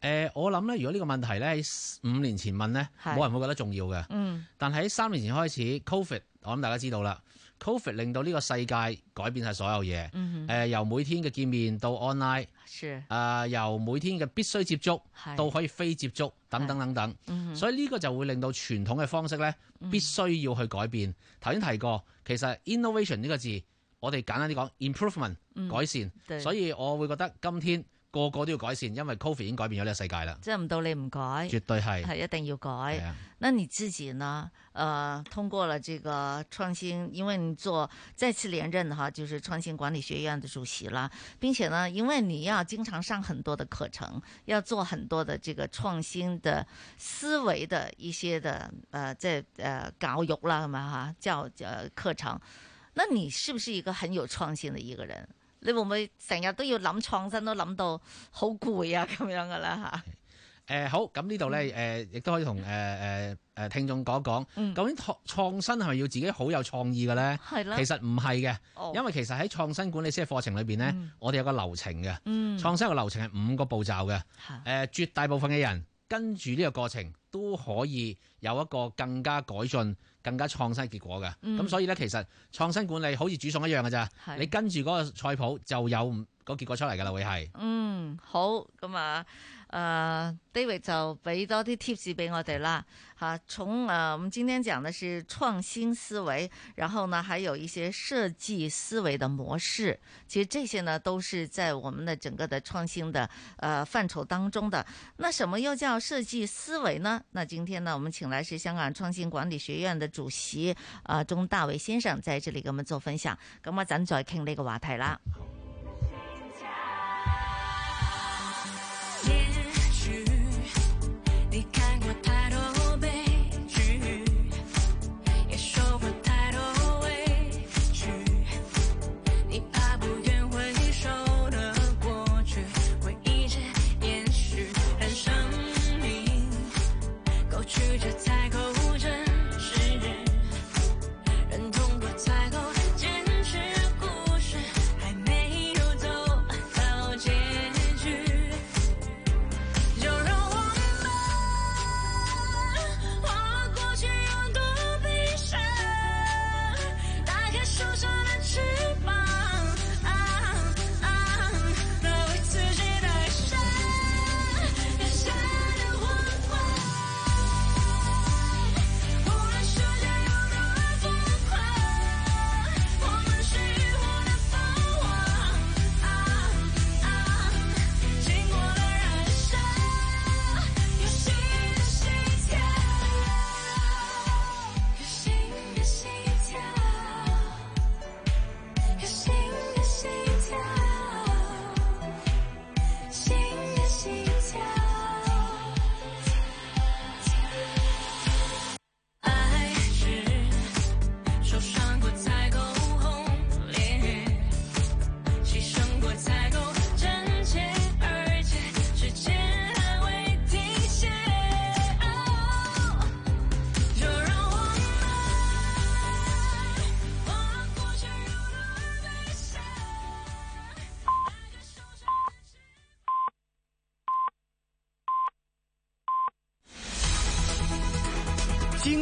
呃，我諗咧，如果呢個問題咧喺五年前問咧，冇是人會覺得重要嘅。嗯。但喺三年前開始，COVID，我諗大家知道啦，COVID 令到呢個世界改變晒所有嘢。誒、嗯哼呃，由每天嘅見面到 online，是。啊、呃，由每天嘅必須接觸是到可以非接觸，等等等等。嗯、所以呢個就會令到傳統嘅方式咧，必須要去改變。頭先、嗯、提過，其實 innovation 呢個字，我哋簡單啲講，improvement 改善。嗯、所以我會覺得今天。個個都要改善，因為 Covid 已經改變咗呢個世界啦。即係唔到你唔改，絕對係，係一定要改。係啊。那你自己呢？呃，通過了這個創新，因為你做再次連任哈，就是創新管理學院的主席啦，並且呢，因為你要經常上很多的課程，要做很多的這個創新的思維的一些的，誒即係誒教育啦咁嘛哈，教誒、呃、課程，那你是不是一個很有創新的一個人？你會唔會成日都要諗創新都諗到好攰啊？咁樣噶啦嚇。誒，好，咁呢度咧亦都可以同誒聽眾聽眾講講。究竟創、嗯、創新係咪要自己好有創意嘅咧？係啦。其實唔係嘅，哦、因為其實喺創新管理師嘅課程裏面咧，嗯、我哋有個流程嘅。創新個流程係五個步驟嘅、嗯呃。絕大部分嘅人跟住呢個過程都可以有一個更加改進。更加創新結果嘅，咁、嗯、所以咧其實創新管理好似煮餸一樣㗎。啫是，你跟住嗰個菜譜就有個結果出嚟㗎啦，會係。嗯，好，咁啊。呃、uh,，David 就俾多啲 tips 俾我哋啦吓，從呃，我們今天講的是創新思維，然後呢，還有一些設計思維的模式，其實這些呢，都是在我們的整個的創新的呃、uh, 範疇當中的。那什麼又叫設計思維呢？那今天呢，我們請來是香港創新管理學院的主席啊、uh, 鍾大為先生在這裏給我們做分享，咁啊，一陣再傾呢個話題啦。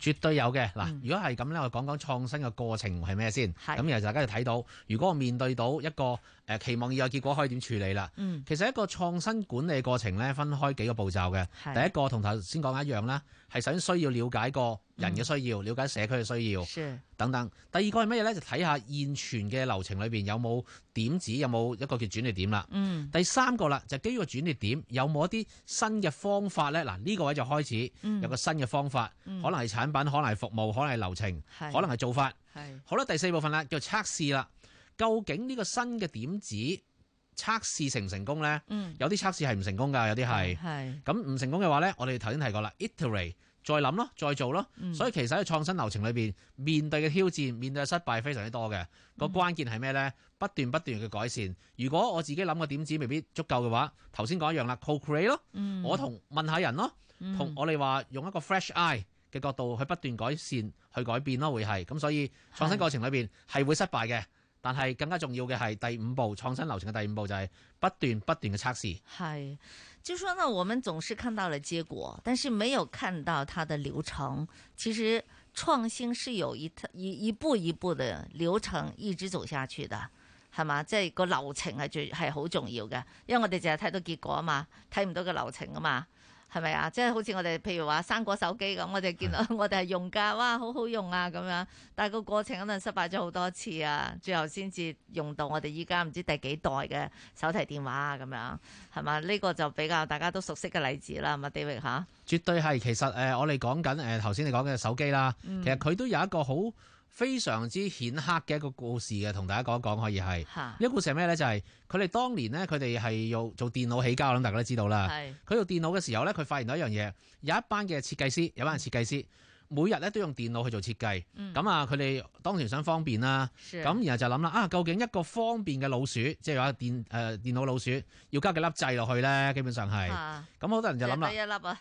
絕對有嘅嗱，嗯、如果係咁咧，我講講創新嘅過程係咩先。咁然後大家就睇到，如果我面對到一個誒、呃、期望以外結果，可以點處理啦？嗯、其實一個創新管理的過程咧，分開幾個步驟嘅。是第一個同頭先講一樣啦。係首先需要了解個人嘅需要，嗯、了解社區嘅需要是等等。第二個係乜嘢呢？就睇下現存嘅流程裏面有冇點子，有冇一個叫轉捩點啦。嗯、第三個啦，就基於個轉捩點有冇一啲新嘅方法呢？嗱，呢個位置就開始有個新嘅方法，嗯、可能係產品，嗯、可能係服務，可能係流程，是可能係做法。好啦，第四部分咧叫測試啦，究竟呢個新嘅點子。測試成唔成功呢？嗯、有啲測試係唔成功㗎，有啲係。係、嗯。咁唔成功嘅話呢，我哋頭先提過啦，iterate 再諗咯，再做咯。嗯、所以其實喺創新流程裏面，面對嘅挑戰、面對嘅失敗非常之多嘅。個關鍵係咩呢？嗯、不斷不斷嘅改善。如果我自己諗個點子未必足夠嘅話，頭先講一樣啦，co-create 咯，Co 嗯、我同問下人咯，同、嗯、我哋話用一個 fresh eye 嘅角度去不斷改善、去改變咯，會係咁。所以創新過程裏面係會失敗嘅。但係更加重要嘅，係第五步，創新流程嘅第五步就係不斷不斷嘅測試。係，就說呢，我們總是看到了結果，但是沒有看到它的流程。其實創新是有一一,一步一步的流程一直走下去的，係嘛？即係個流程係最係好重要嘅，因為我哋淨係睇到結果啊嘛，睇唔到個流程啊嘛。係咪啊？即係好似我哋譬如話生果手機咁，我哋見到我哋係用㗎，哇，好好用啊咁樣。但係個過程可能失敗咗好多次啊，最後先至用到我哋依家唔知第幾代嘅手提電話啊咁樣，係嘛？呢、呢個就比較大家都熟悉嘅例子啦，係嘛？David 吓？絕對係。其實誒，我哋講緊誒頭先你講嘅手機啦，嗯、其實佢都有一個好。非常之顯赫嘅一個故事嘅，同大家講一講可以係。呢 <music> 個故事係咩咧？就係佢哋當年咧，佢哋係用做電腦起家，我諗大家都知道啦。佢做 <music> 電腦嘅時候咧，佢發現到一樣嘢，有一班嘅設計師，有一班嘅設計師。每日咧都用電腦去做設計，咁啊佢哋當時想方便啦，咁然後就諗啦啊，究竟一個方便嘅老鼠，即係話電誒電腦老鼠，要加幾粒掣落去咧？基本上係，咁好多人就諗啦，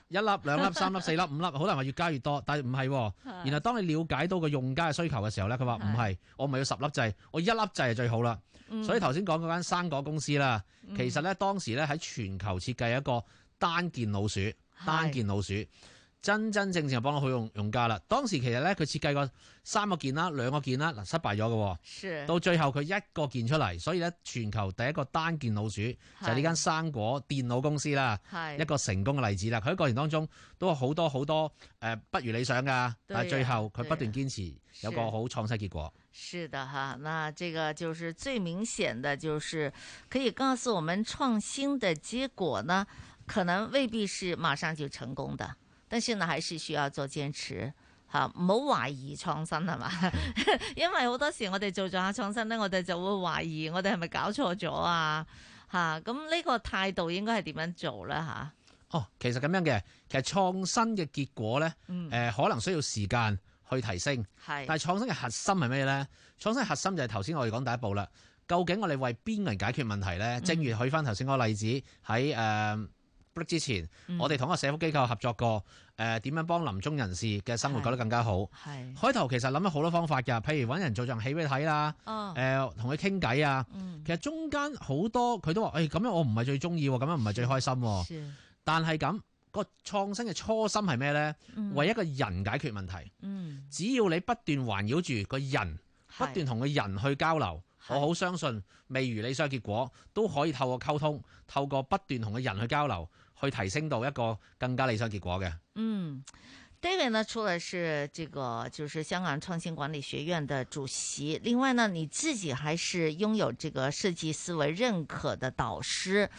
一粒、兩粒、三粒、四粒、五粒，好多人話越加越多，但係唔係。然後當你了解到個用家嘅需求嘅時候咧，佢話唔係，我唔係要十粒掣，我一粒掣係最好啦。所以頭先講嗰間生果公司啦，其實咧當時咧喺全球設計一個單件老鼠，單件老鼠。真真正正幫到好用用家啦。當時其實咧，佢設計過三個鍵啦，兩個鍵啦，嗱，失敗咗嘅。是到最後佢一個鍵出嚟，所以咧全球第一個單鍵老鼠是就係呢間生果電腦公司啦。是一個成功嘅例子啦。佢喺過程當中都有好多好多誒，不如理想噶，是但係最後佢不斷堅持，有個好創新結果。是的哈，那這個就是最明顯的，就是可以告訴我們創新嘅結果呢，可能未必是馬上就成功的。但係呢，還是需要做堅持，吓，唔好懷疑創新係嘛？ <laughs> 因為好多時我哋做咗下創新呢，我哋就會懷疑我哋係咪搞錯咗啊？吓，咁呢個態度應該係點樣做呢？吓，哦，其實咁樣嘅，其實創新嘅結果呢，誒、呃、可能需要時間去提升，嗯、但係創新嘅核心係咩呢？創新嘅核心就係頭先我哋講第一步啦。究竟我哋為邊個人解決問題呢？正如舉翻頭先嗰個例子，喺誒。呃之前，嗯、我哋同一個社福機構合作過，誒、呃，點樣幫臨終人士嘅生活過是得更加好？係開頭其實諗咗好多方法嘅，譬如搵人做場戲俾佢睇啦，誒、哦，同佢傾偈啊。嗯、其實中間好多佢都話，誒、哎，咁樣我唔係最中意，咁樣唔係最開心。是但係咁、那個創新嘅初心係咩咧？嗯、為一個人解決問題。嗯、只要你不斷環繞住個人，不斷同個人去交流，是我好相信未如理想結果都可以透過溝通，透過不斷同個人去交流。去提升到一個更加理想結果嘅。嗯，David 呢？出來是這個，就是香港創新管理學院的主席，另外呢，你自己還是擁有這個設計思維認可的導師。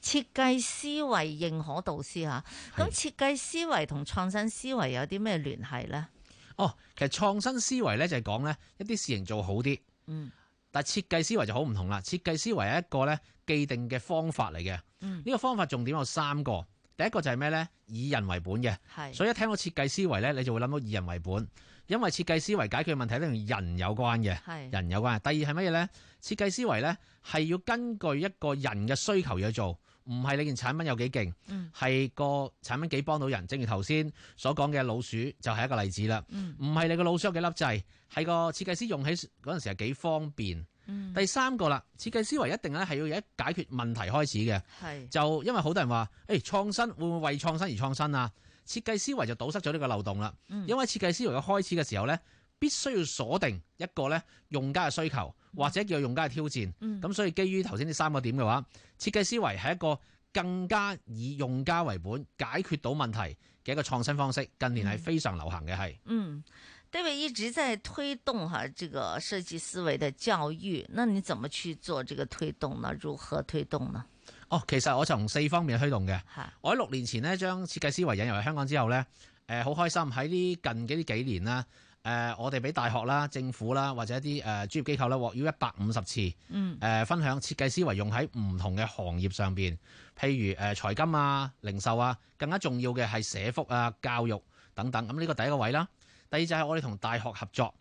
設計思維認可導師啊，咁是設計思維同創新思維有啲咩聯繫呢？哦，其實創新思維咧就係講呢一啲事情做好啲。嗯，但設計思維就好唔同啦。設計思維係一個呢。既定嘅方法嚟嘅，呢、嗯、個方法重點有三個。第一個就係咩呢？「以人為本」嘅，是所以一聽到設計思維呢，你就會諗到以人為本，因為設計思維解決問題都同人有關嘅，是人有關。第二係乜嘢呢？設計思維呢，係要根據一個人嘅需求去做，唔係你件產品有幾勁，係、嗯、個產品幾幫到人。嗯、正如頭先所講嘅老鼠就係一個例子啦，唔係、嗯、你個老鼠有幾粒掣，係個設計師用起嗰陣時係幾方便。第三個啦，設計思維一定咧係要一解決問題開始嘅，是就因為好多人話，誒、欸、創新會唔會為創新而創新啊？設計思維就堵塞咗呢個漏洞啦。嗯、因為設計思維嘅開始嘅時候咧，必須要鎖定一個咧用家嘅需求或者叫用家嘅挑戰，咁、嗯、所以基於頭先呢三個點嘅話，設計思維係一個更加以用家為本，解決到問題嘅一個創新方式，近年係非常流行嘅係。嗯嗯 David 一直在推動哈，這個設計思維的教育。那你怎麼去做這個推動呢？如何推動呢？哦，其實我從四方面推動嘅。是我喺六年前咧，將設計思維引入嚟香港之後呢，誒、呃、好開心喺呢近幾幾年啦。誒、呃，我哋俾大學啦、政府啦或者一啲誒專業機構啦獲邀一百五十次，誒、嗯呃、分享設計思維用喺唔同嘅行業上邊，譬如誒、呃、財金啊、零售啊，更加重要嘅係社福啊、教育等等。咁、嗯、呢、這個第一個位啦。第二就係我哋同大學合作，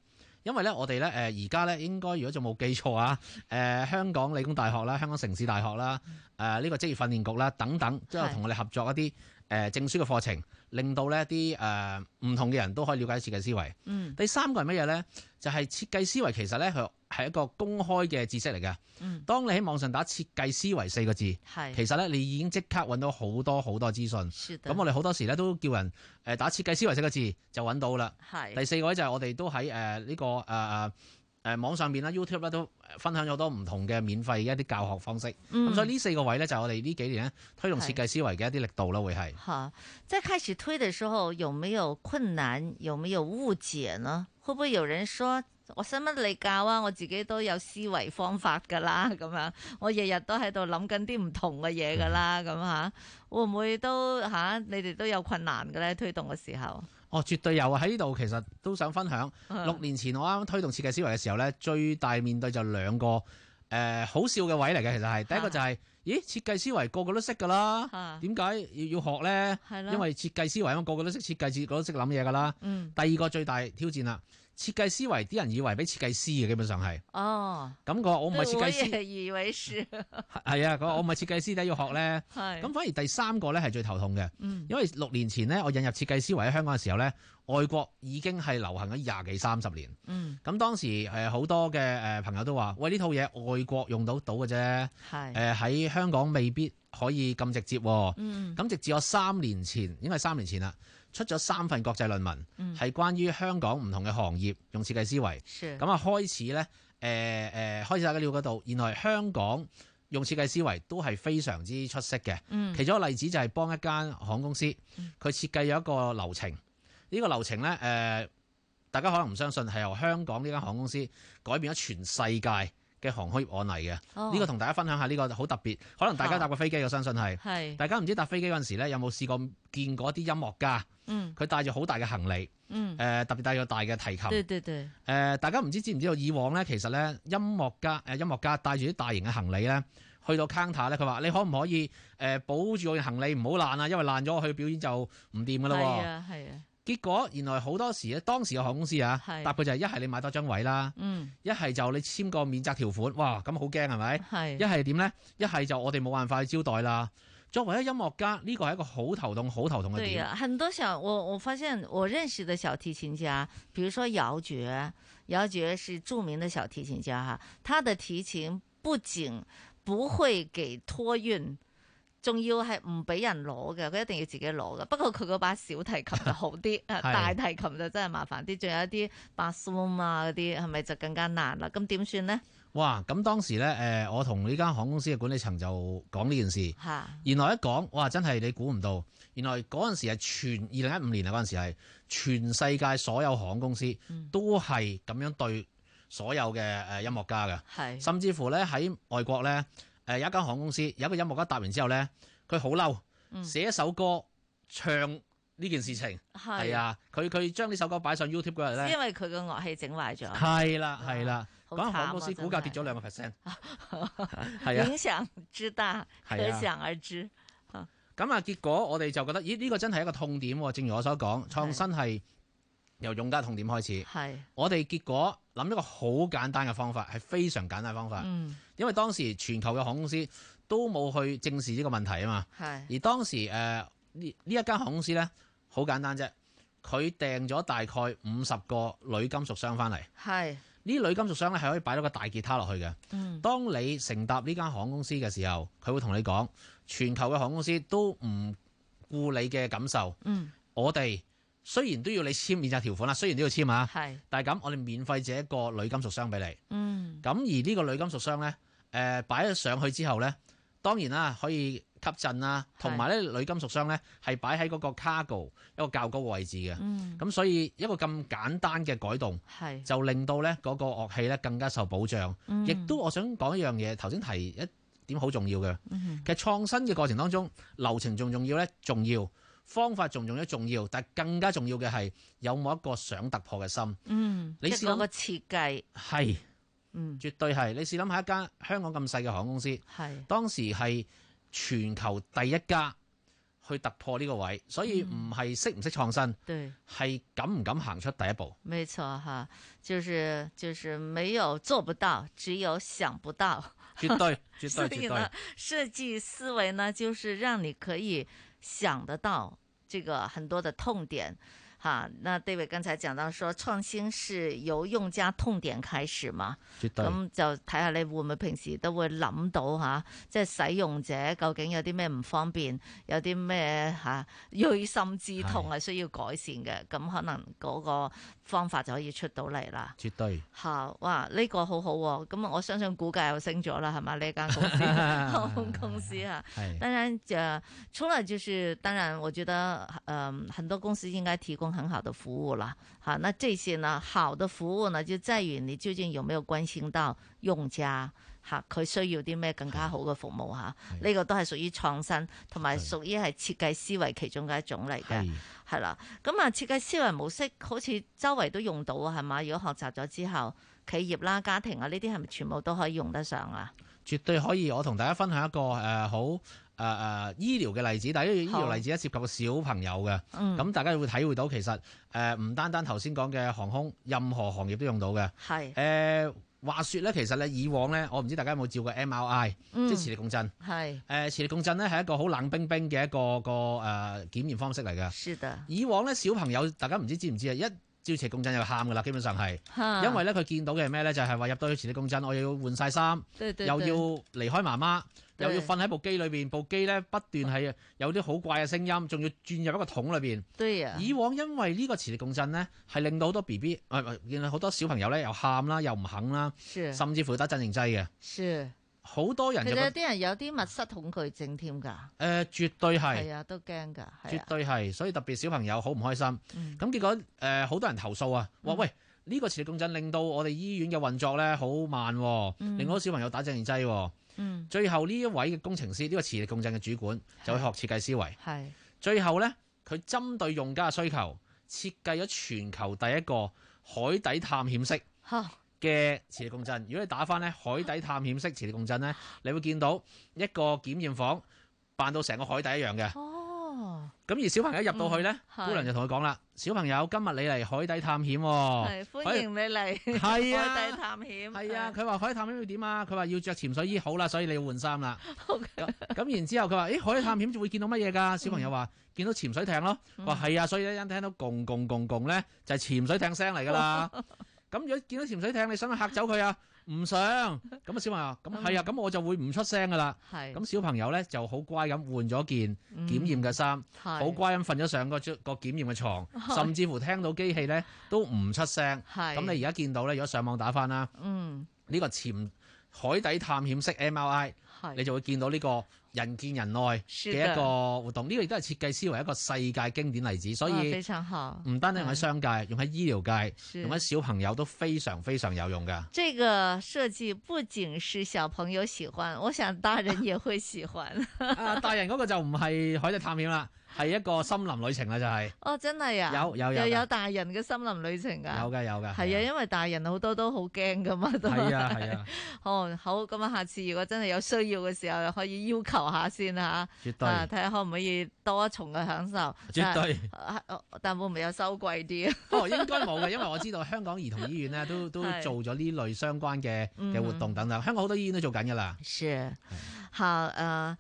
因為咧我哋咧誒而家咧應該如果仲冇記錯啊，誒、呃、香港理工大學啦、香港城市大學啦、誒、呃、呢、呢個職業訓練局啦等等，都有同我哋合作一啲誒、呃、證書嘅課程。令到咧一啲誒唔同嘅人都可以了解設計思維。嗯。第三個係乜嘢咧？就係、是、設計思維其實咧，佢係一個公開嘅知識嚟嘅。嗯。當你喺網上打設計思維四個字，是其實咧你已經即刻揾到好多好多資訊。咁的我哋好多時咧都叫人誒打設計思維四個字就揾到啦。是第四個咧就係我哋都喺誒呢個誒、呃呃誒網上邊咧 YouTube 咧都分享咗好多唔同嘅免費嘅一啲教學方式，咁、嗯、所以呢四個位咧就係我哋呢幾年咧推動設計思維嘅一啲力度咯，會係。即係開始推嘅時候，有冇有困難？有冇有誤解呢？會唔會有人說我使乜你教啊？我自己都有思維方法㗎啦，咁樣我日日都喺度諗緊啲唔同嘅嘢㗎啦，咁嚇、嗯、會唔會都嚇、啊、你哋都有困難嘅咧？推動嘅時候。哦，絕對有啊！喺呢度其實都想分享。六的年前我啱啱推動設計思維嘅時候咧，最大面對就兩個誒、呃、好笑嘅位嚟嘅，其實係的第一個就係、是，咦？設計思維個個都識㗎啦，點解要要學咧？的因為設計思維咁，個個都識設計，個個都識諗嘢㗎啦。嗯、第二個最大挑戰啦。設計思維啲人以為俾設計師嘅，基本上係哦。咁我我唔係設計師我以為係啊， <laughs> 我唔係設計師但要學咧。係是。咁反而第三個咧係最頭痛嘅。嗯。因為六年前咧，我引入設計思維喺香港嘅時候咧，外國已經係流行咗廿幾三十年。嗯。咁當時好多嘅朋友都話：，喂，呢套嘢外國用到到嘅啫。係是、呃、喺香港未必可以咁直接。喎、嗯。咁直至我三年前，應該係三年前啦。出咗三份國際論文，係關於香港唔同嘅行業用設計思維。咁啊是，開始呢，誒、呃、開始大家了解到，原來香港用設計思維都係非常之出色嘅。嗯、其中一個例子就係幫一間航空公司，佢設計咗一個流程。呢、呢個流程呢，呃、大家可能唔相信係由香港呢間航空公司改變咗全世界。嘅航空業案例嘅，呢、oh. 個同大家分享下呢、這個好特別，可能大家搭過飛機，是我相信係。係是。大家唔知搭飛機嗰陣時咧，有冇試過見過啲音樂家？嗯。佢帶住好大嘅行李。嗯。誒、呃，特別帶住大嘅提琴。對對對。誒、呃，大家唔知知唔知道以往咧，其實咧，音樂家誒、呃、音樂家帶住啲大型嘅行李咧，去到 counter 咧，佢話：你可唔可以誒、呃、保住我嘅行李唔好爛啊？因為爛咗，我去表演就唔掂㗎啦。係啊，係啊。結果原來好多時咧，當時嘅航空公司啊，是答佢就係一係你買多張位啦，一係、嗯、就你簽個免責條款，哇，咁好驚係咪？一係點咧？一係是就我哋冇辦法去招待啦。作為一音樂家，呢、呢個係一個好頭痛、好頭痛嘅點。對啊，很多小我我發現我認識嘅小提琴家，譬如說姚珏，姚珏是著名的小提琴家哈，他的提琴不僅不會給託運。仲要係唔俾人攞嘅，佢一定要自己攞嘅。不過佢嗰把小提琴就好啲， <laughs> 的大提琴就真係麻煩啲。仲有一啲巴斯風啊嗰啲，係咪就更加難啦？咁點算呢？哇！咁當時呢，誒我同呢間航空公司嘅管理層就講呢件事。嚇的！原來一講，哇！真係你估唔到。原來嗰陣時係全二零一五年啊，嗰陣時係全世界所有航空公司都係咁樣對所有嘅誒音樂家嘅。係的。甚至乎呢，喺外國呢。誒，有一間航空公司，有一個音樂家答完之後咧，佢好嬲，寫一首歌唱呢件事情，係、嗯、啊，佢佢將呢首歌擺上 YouTube 嗰日咧，因為佢個樂器整壞咗，係啦係啦，嗰間航空公司股價跌咗兩個 percent，係啊，影響之大，可想而知。咁啊，啊結果我哋就覺得，咦，呢、這個真係一個痛點、啊。正如我所講，創新係由用家痛點開始。係是，我哋結果諗一個好簡單嘅方法，係非常簡單嘅方法。嗯。因為當時全球嘅航空公司都冇去正視呢個問題啊嘛，是而當時誒呢呢一間航空公司咧好簡單啫，佢訂咗大概五十個鋁金屬箱翻嚟，呢是鋁金屬箱咧係可以擺到一個大吉他落去嘅。嗯、當你乘搭呢間航空公司嘅時候，佢會同你講，全球嘅航空公司都唔顧你嘅感受。嗯、我哋雖然都要你簽免責條款啦，雖然都要簽啊，是但係咁我哋免費借一個鋁金屬箱俾你。咁、嗯、而呢個鋁金屬箱咧。誒擺咗上去之後咧，當然啦，可以吸震啊，同埋咧，鋁金屬箱咧係擺喺嗰個 cargo 一個較高嘅位置嘅，咁所以一個咁簡單嘅改動，就令到咧嗰個樂器咧更加受保障，亦都我想講一樣嘢，頭先提一點好重要嘅，其實創新嘅過程當中，流程仲重要咧，重要方法仲重要，重要，但係更加重要嘅係有冇一個想突破嘅心。嗯，即係嗰個設計係。嗯，絕對係，你試諗下一間香港咁細嘅航空公司，係的當時係全球第一家去突破呢個位，所以唔係識唔識創新，對、嗯，係敢唔敢行出第一步？沒錯吓，就是就是沒有做不到，只有想不到。絕對，絕對 <laughs> 所以呢設計思維呢，就是讓你可以想得到這個很多的痛點。吓、啊，那 David 剛才講到說創新是由用家痛點開始嘛，咁對就睇下你會唔會平時都會諗到吓，即、啊、係、就是、使用者究竟有啲咩唔方便，有啲咩吓錐心之痛係需要改善嘅，咁是可能嗰、那個。方法就可以出到嚟啦，絕對。好，哇，呢、這個好好、哦，咁啊，我相信股價又升咗啦，係嘛，呢間公司航空 <laughs> <laughs> 公司啊。係、啊。當然，誒、呃，除了就是，當然，我覺得，嗯、呃，很多公司應該提供很好的服務啦。好，嗱，呢些呢，好的服務呢，就在於你究竟有沒有關心到用家。嚇佢需要啲咩更加好嘅服務嚇？呢個都係屬於創新，同埋屬於係設計思維其中嘅一種嚟嘅，係啦的。咁啊，設計思維模式好似周圍都用到啊，係嘛？如果學習咗之後，企業啦、家庭啊，呢啲係咪全部都可以用得上啊？絕對可以，我同大家分享一個誒、呃、好誒誒、呃、醫療嘅例子，但係因為醫療例子一涉及個小朋友嘅，咁好大家會體會到其實誒唔、呃、單單頭先講嘅航空，任何行業都用到嘅，係誒的。呃話說咧，其實咧以往咧，我唔知大家有冇照過 MRI，嗯，即係磁力共振。係，誒、呃、磁力共振咧係一個好冷冰冰嘅一個一個誒、呃、檢驗方式嚟㗎。是的。以往咧小朋友，大家唔知知唔知啊一。照磁共振又喊㗎喇，基本上係，因為咧佢見到嘅係咩咧？就係、是、話入到去磁力共振，我又要換晒衫，對對對又要離開媽媽，對又要瞓喺部機裏邊，部機咧不斷係有啲好怪嘅聲音，仲要轉入一個桶裏邊。對啊、以往因為呢個磁力共振咧，係令到好多 B B，唔係好多小朋友咧又喊啦，又唔肯啦，是甚至乎得鎮靜劑嘅。是。好多人其實人有啲人有啲密室恐懼症添㗎。誒、呃，絕對係。係啊，都驚㗎。係啊、絕對係，所以特別小朋友好唔開心。咁、嗯、結果誒，好、呃、多人投訴啊，話喂呢、呢個磁力共振令到我哋醫院嘅運作咧好慢，嗯、令到小朋友打鎮靜劑。嗯。最後呢一位嘅工程師，呢、呢個磁力共振嘅主管，就去學設計思維。最後呢，佢針對用家嘅需求，設計咗全球第一個海底探險式。嚇！嘅磁力共振，如果你打翻咧海底探險式磁力共振咧，你會見到一個檢驗房扮到成個海底一樣嘅。哦。咁而小朋友入到去咧，姑娘就同佢講啦：，小朋友，今日你嚟海底探險，係歡迎你嚟。係啊。海底探險。係啊。佢話海底探險要點啊？佢話要着潛水衣，好啦，所以你要換衫啦。O K。咁然之後佢話：，誒，海底探險仲會見到乜嘢噶？小朋友話：見到潛水艇咯。話係啊，所以咧一陣聽到 Gong Gong Gong Gong 咧，就係潛水艇聲嚟噶啦。咁如果見到潛水艇，你想去嚇走佢啊？唔想咁啊，小朋友，咁係啊，咁我就會唔出聲噶啦。係，咁小朋友咧就好乖咁換咗件檢驗嘅衫，好乖咁瞓咗上個個個檢驗嘅床，甚至乎聽到機器咧都唔出聲。係，咁你而家見到咧，如果上網打翻啦，嗯，呢個潛海底探險式 MRI，係，你就會見到呢個。人見人愛嘅一個活動，呢的個亦都係設計思維一個世界經典例子，所以唔單止用喺商界，嗯、用喺醫療界，是用喺小朋友都非常非常有用噶。這個設計不僅是小朋友喜歡，我想大人也會喜歡。 <laughs> 啊，大人嗰個就唔係海底探險啦。係一個森林旅程啦，就係哦，真係啊，有有有，又有大人嘅森林旅程噶，有噶有噶，係啊，因為大人好多都好驚噶嘛，都係啊係啊，哦好，咁啊，下次如果真係有需要嘅時候，可以要求下先啦，吓，絕對，睇下可唔可以多一重嘅享受，絕對，但會唔會有收貴啲啊？哦，應該冇嘅，因為我知道香港兒童醫院咧都都做咗呢類相關嘅嘅活動等等，香港好多醫院都做緊噶啦，是，好，誒。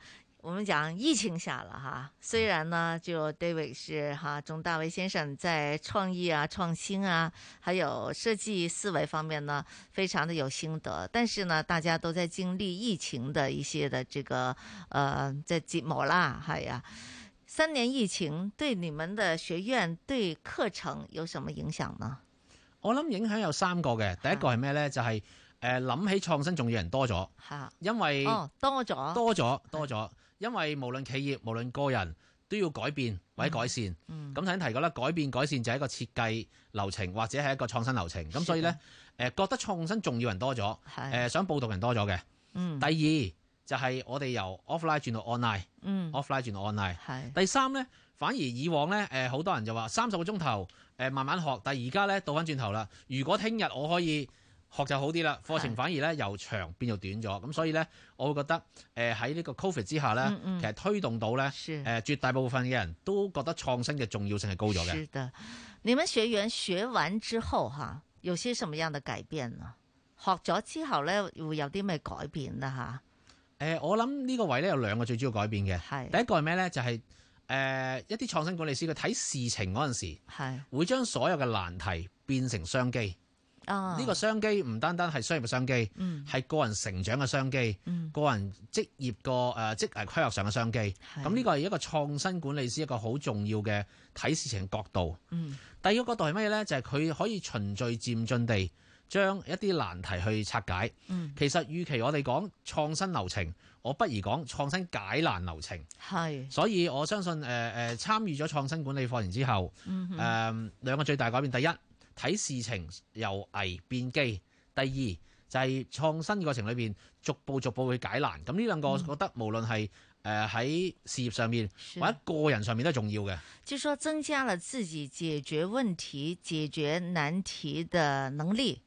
我們講疫情下了哈，雖然呢就 David 是，哈鍾、啊、大為先生在創意啊、創新啊，還有設計思維方面呢，非常的有心得。但是呢，大家都在經歷疫情的一些的這個，呃，在寂寞啦，係啊。三年疫情對你們的學院、對課程有什麼影響呢？我諗影響有三個嘅，第一個係咩呢？就係誒諗起創新仲要人多咗，吓，因為多咗、哦，多咗，多咗。因為無論企業，無論個人都要改變或者改善，咁頭先提過啦，改變改善就係一個設計流程或者係一個創新流程，咁的所以呢，誒、呃、覺得創新重要人多咗的、呃，想報讀人多咗嘅，嗯、第二就係、是、我哋由 offline 轉到 online，offline 轉、嗯、到 online，、嗯、第三呢，反而以往呢，誒、呃、好多人就話三十個鐘頭，誒慢慢學，但係而家呢，倒翻轉頭啦，如果聽日我可以。學就好啲啦，課程反而咧由長變到短咗，咁是所以咧我會覺得，誒喺呢個 Covid 之下咧，嗯嗯其實推動到咧，誒是、呃、絕大部分嘅人都覺得創新嘅重要性係高咗嘅。是的，你們學員學完之後哈，有些什麼樣的改變呢？學咗之後咧會有啲咩改變啦？吓？誒，我諗呢個位咧有兩個最主要改變嘅，係是第一個係咩咧？就係、是、誒、呃、一啲創新管理師佢睇事情嗰陣時，係是會將所有嘅難題變成商機。呢、哦、個商機唔單單係商業嘅商機，係、嗯、個人成長嘅商機，嗯、個人職業，的、呃、職業個誒職涯規劃上嘅商機。咁呢個係一個創新管理師一個好重要嘅睇事情角度。嗯、第二個角度係咩呢？就係、是、佢可以循序漸進地將一啲難題去拆解。嗯、其實與其我哋講創新流程，我不如講創新解難流程。係的，所以我相信誒誒參與咗創新管理課程之後，誒兩、嗯哼呃、個最大改變，第一。睇事情由危變機，第二就係、是、創新過程裏邊逐步逐步去解難，咁呢兩個我覺得無論係誒喺事業上面是或者個人上面都係重要嘅。就說增加了自己解決問題解決難題的能力，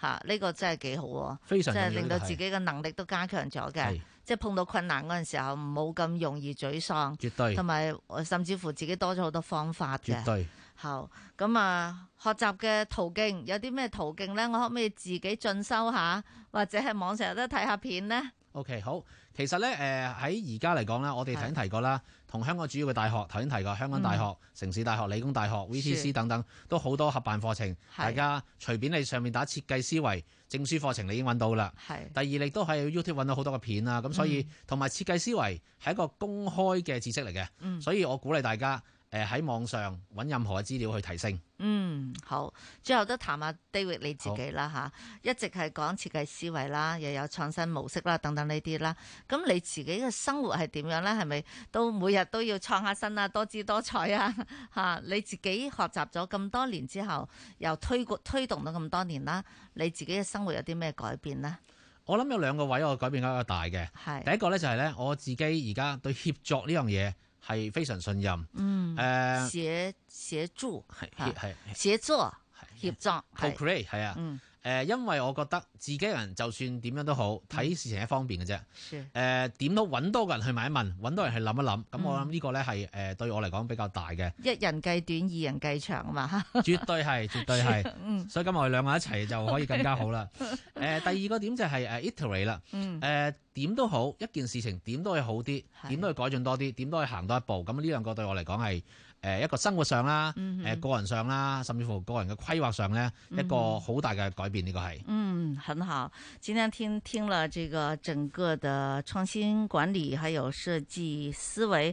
吓、啊，呢、這個真係幾好，非常即係令到自己嘅能力都加強咗嘅。即係是碰到困難嗰陣時候，唔好咁容易沮喪，絕對同埋甚至乎自己多咗好多方法嘅。絕對好，咁啊，學習嘅途徑有啲咩途徑呢？我可唔可以自己進修下，或者喺網上都睇下片呢 o、okay, K，好，其實呢，誒喺而家嚟講呢，我哋頭先提過啦，同是香港主要嘅大學頭先提過，香港大學、嗯、城市大學、理工大學、V T C 等等，是都好多合辦課程。是大家隨便喺上面打設計思維證書課程，你已經揾到啦。是第二，你都喺 YouTube 揾到好多嘅片啊！咁、嗯、所以同埋設計思維係一個公開嘅知識嚟嘅。嗯、所以我鼓勵大家。誒，喺網上揾任何嘅資料去提升。嗯，好。最後都談下 David 你自己啦吓，好一直係講設計思維啦，又有創新模式啦，等等呢啲啦。咁你自己嘅生活係點樣咧？係咪都每日都要創下新啊，多姿多彩啊？吓， <laughs> 你自己學習咗咁多年之後，又推過推動咗咁多年啦，你自己嘅生活有啲咩改變呢？我諗有兩個位我改變比較大嘅，係是第一個咧就係咧我自己而家對協作呢樣嘢。係非常信任，嗯，誒，協協助，係係係協作，協作，好 great 係啊。誒、呃，因為我覺得自己人就算點樣都好，睇、嗯、事情一方面嘅啫。誒是，點、呃、都揾多個人去問一問，揾多人去諗一諗。咁、嗯、我諗呢個咧係誒對我嚟講比較大嘅。一人計短，二人計長啊嘛 <laughs> 絕是。絕對係，絕對係。所以今日我哋兩個一齊就可以更加好啦。誒、 <laughs> 呃，第二個點就係誒 iterate 啦。誒、呃、點、嗯、呃、都好，一件事情點都會好啲，點是都會改進多啲，點都去行多一步。咁呢兩個對我嚟講係誒，一個生活上啦，誒、嗯哼，個人上啦，甚至乎個人嘅規劃上咧，嗯、哼一個好大嘅改變，呢個係。嗯，很好，今天聽聽了這個整個的創新管理，還有設計思維。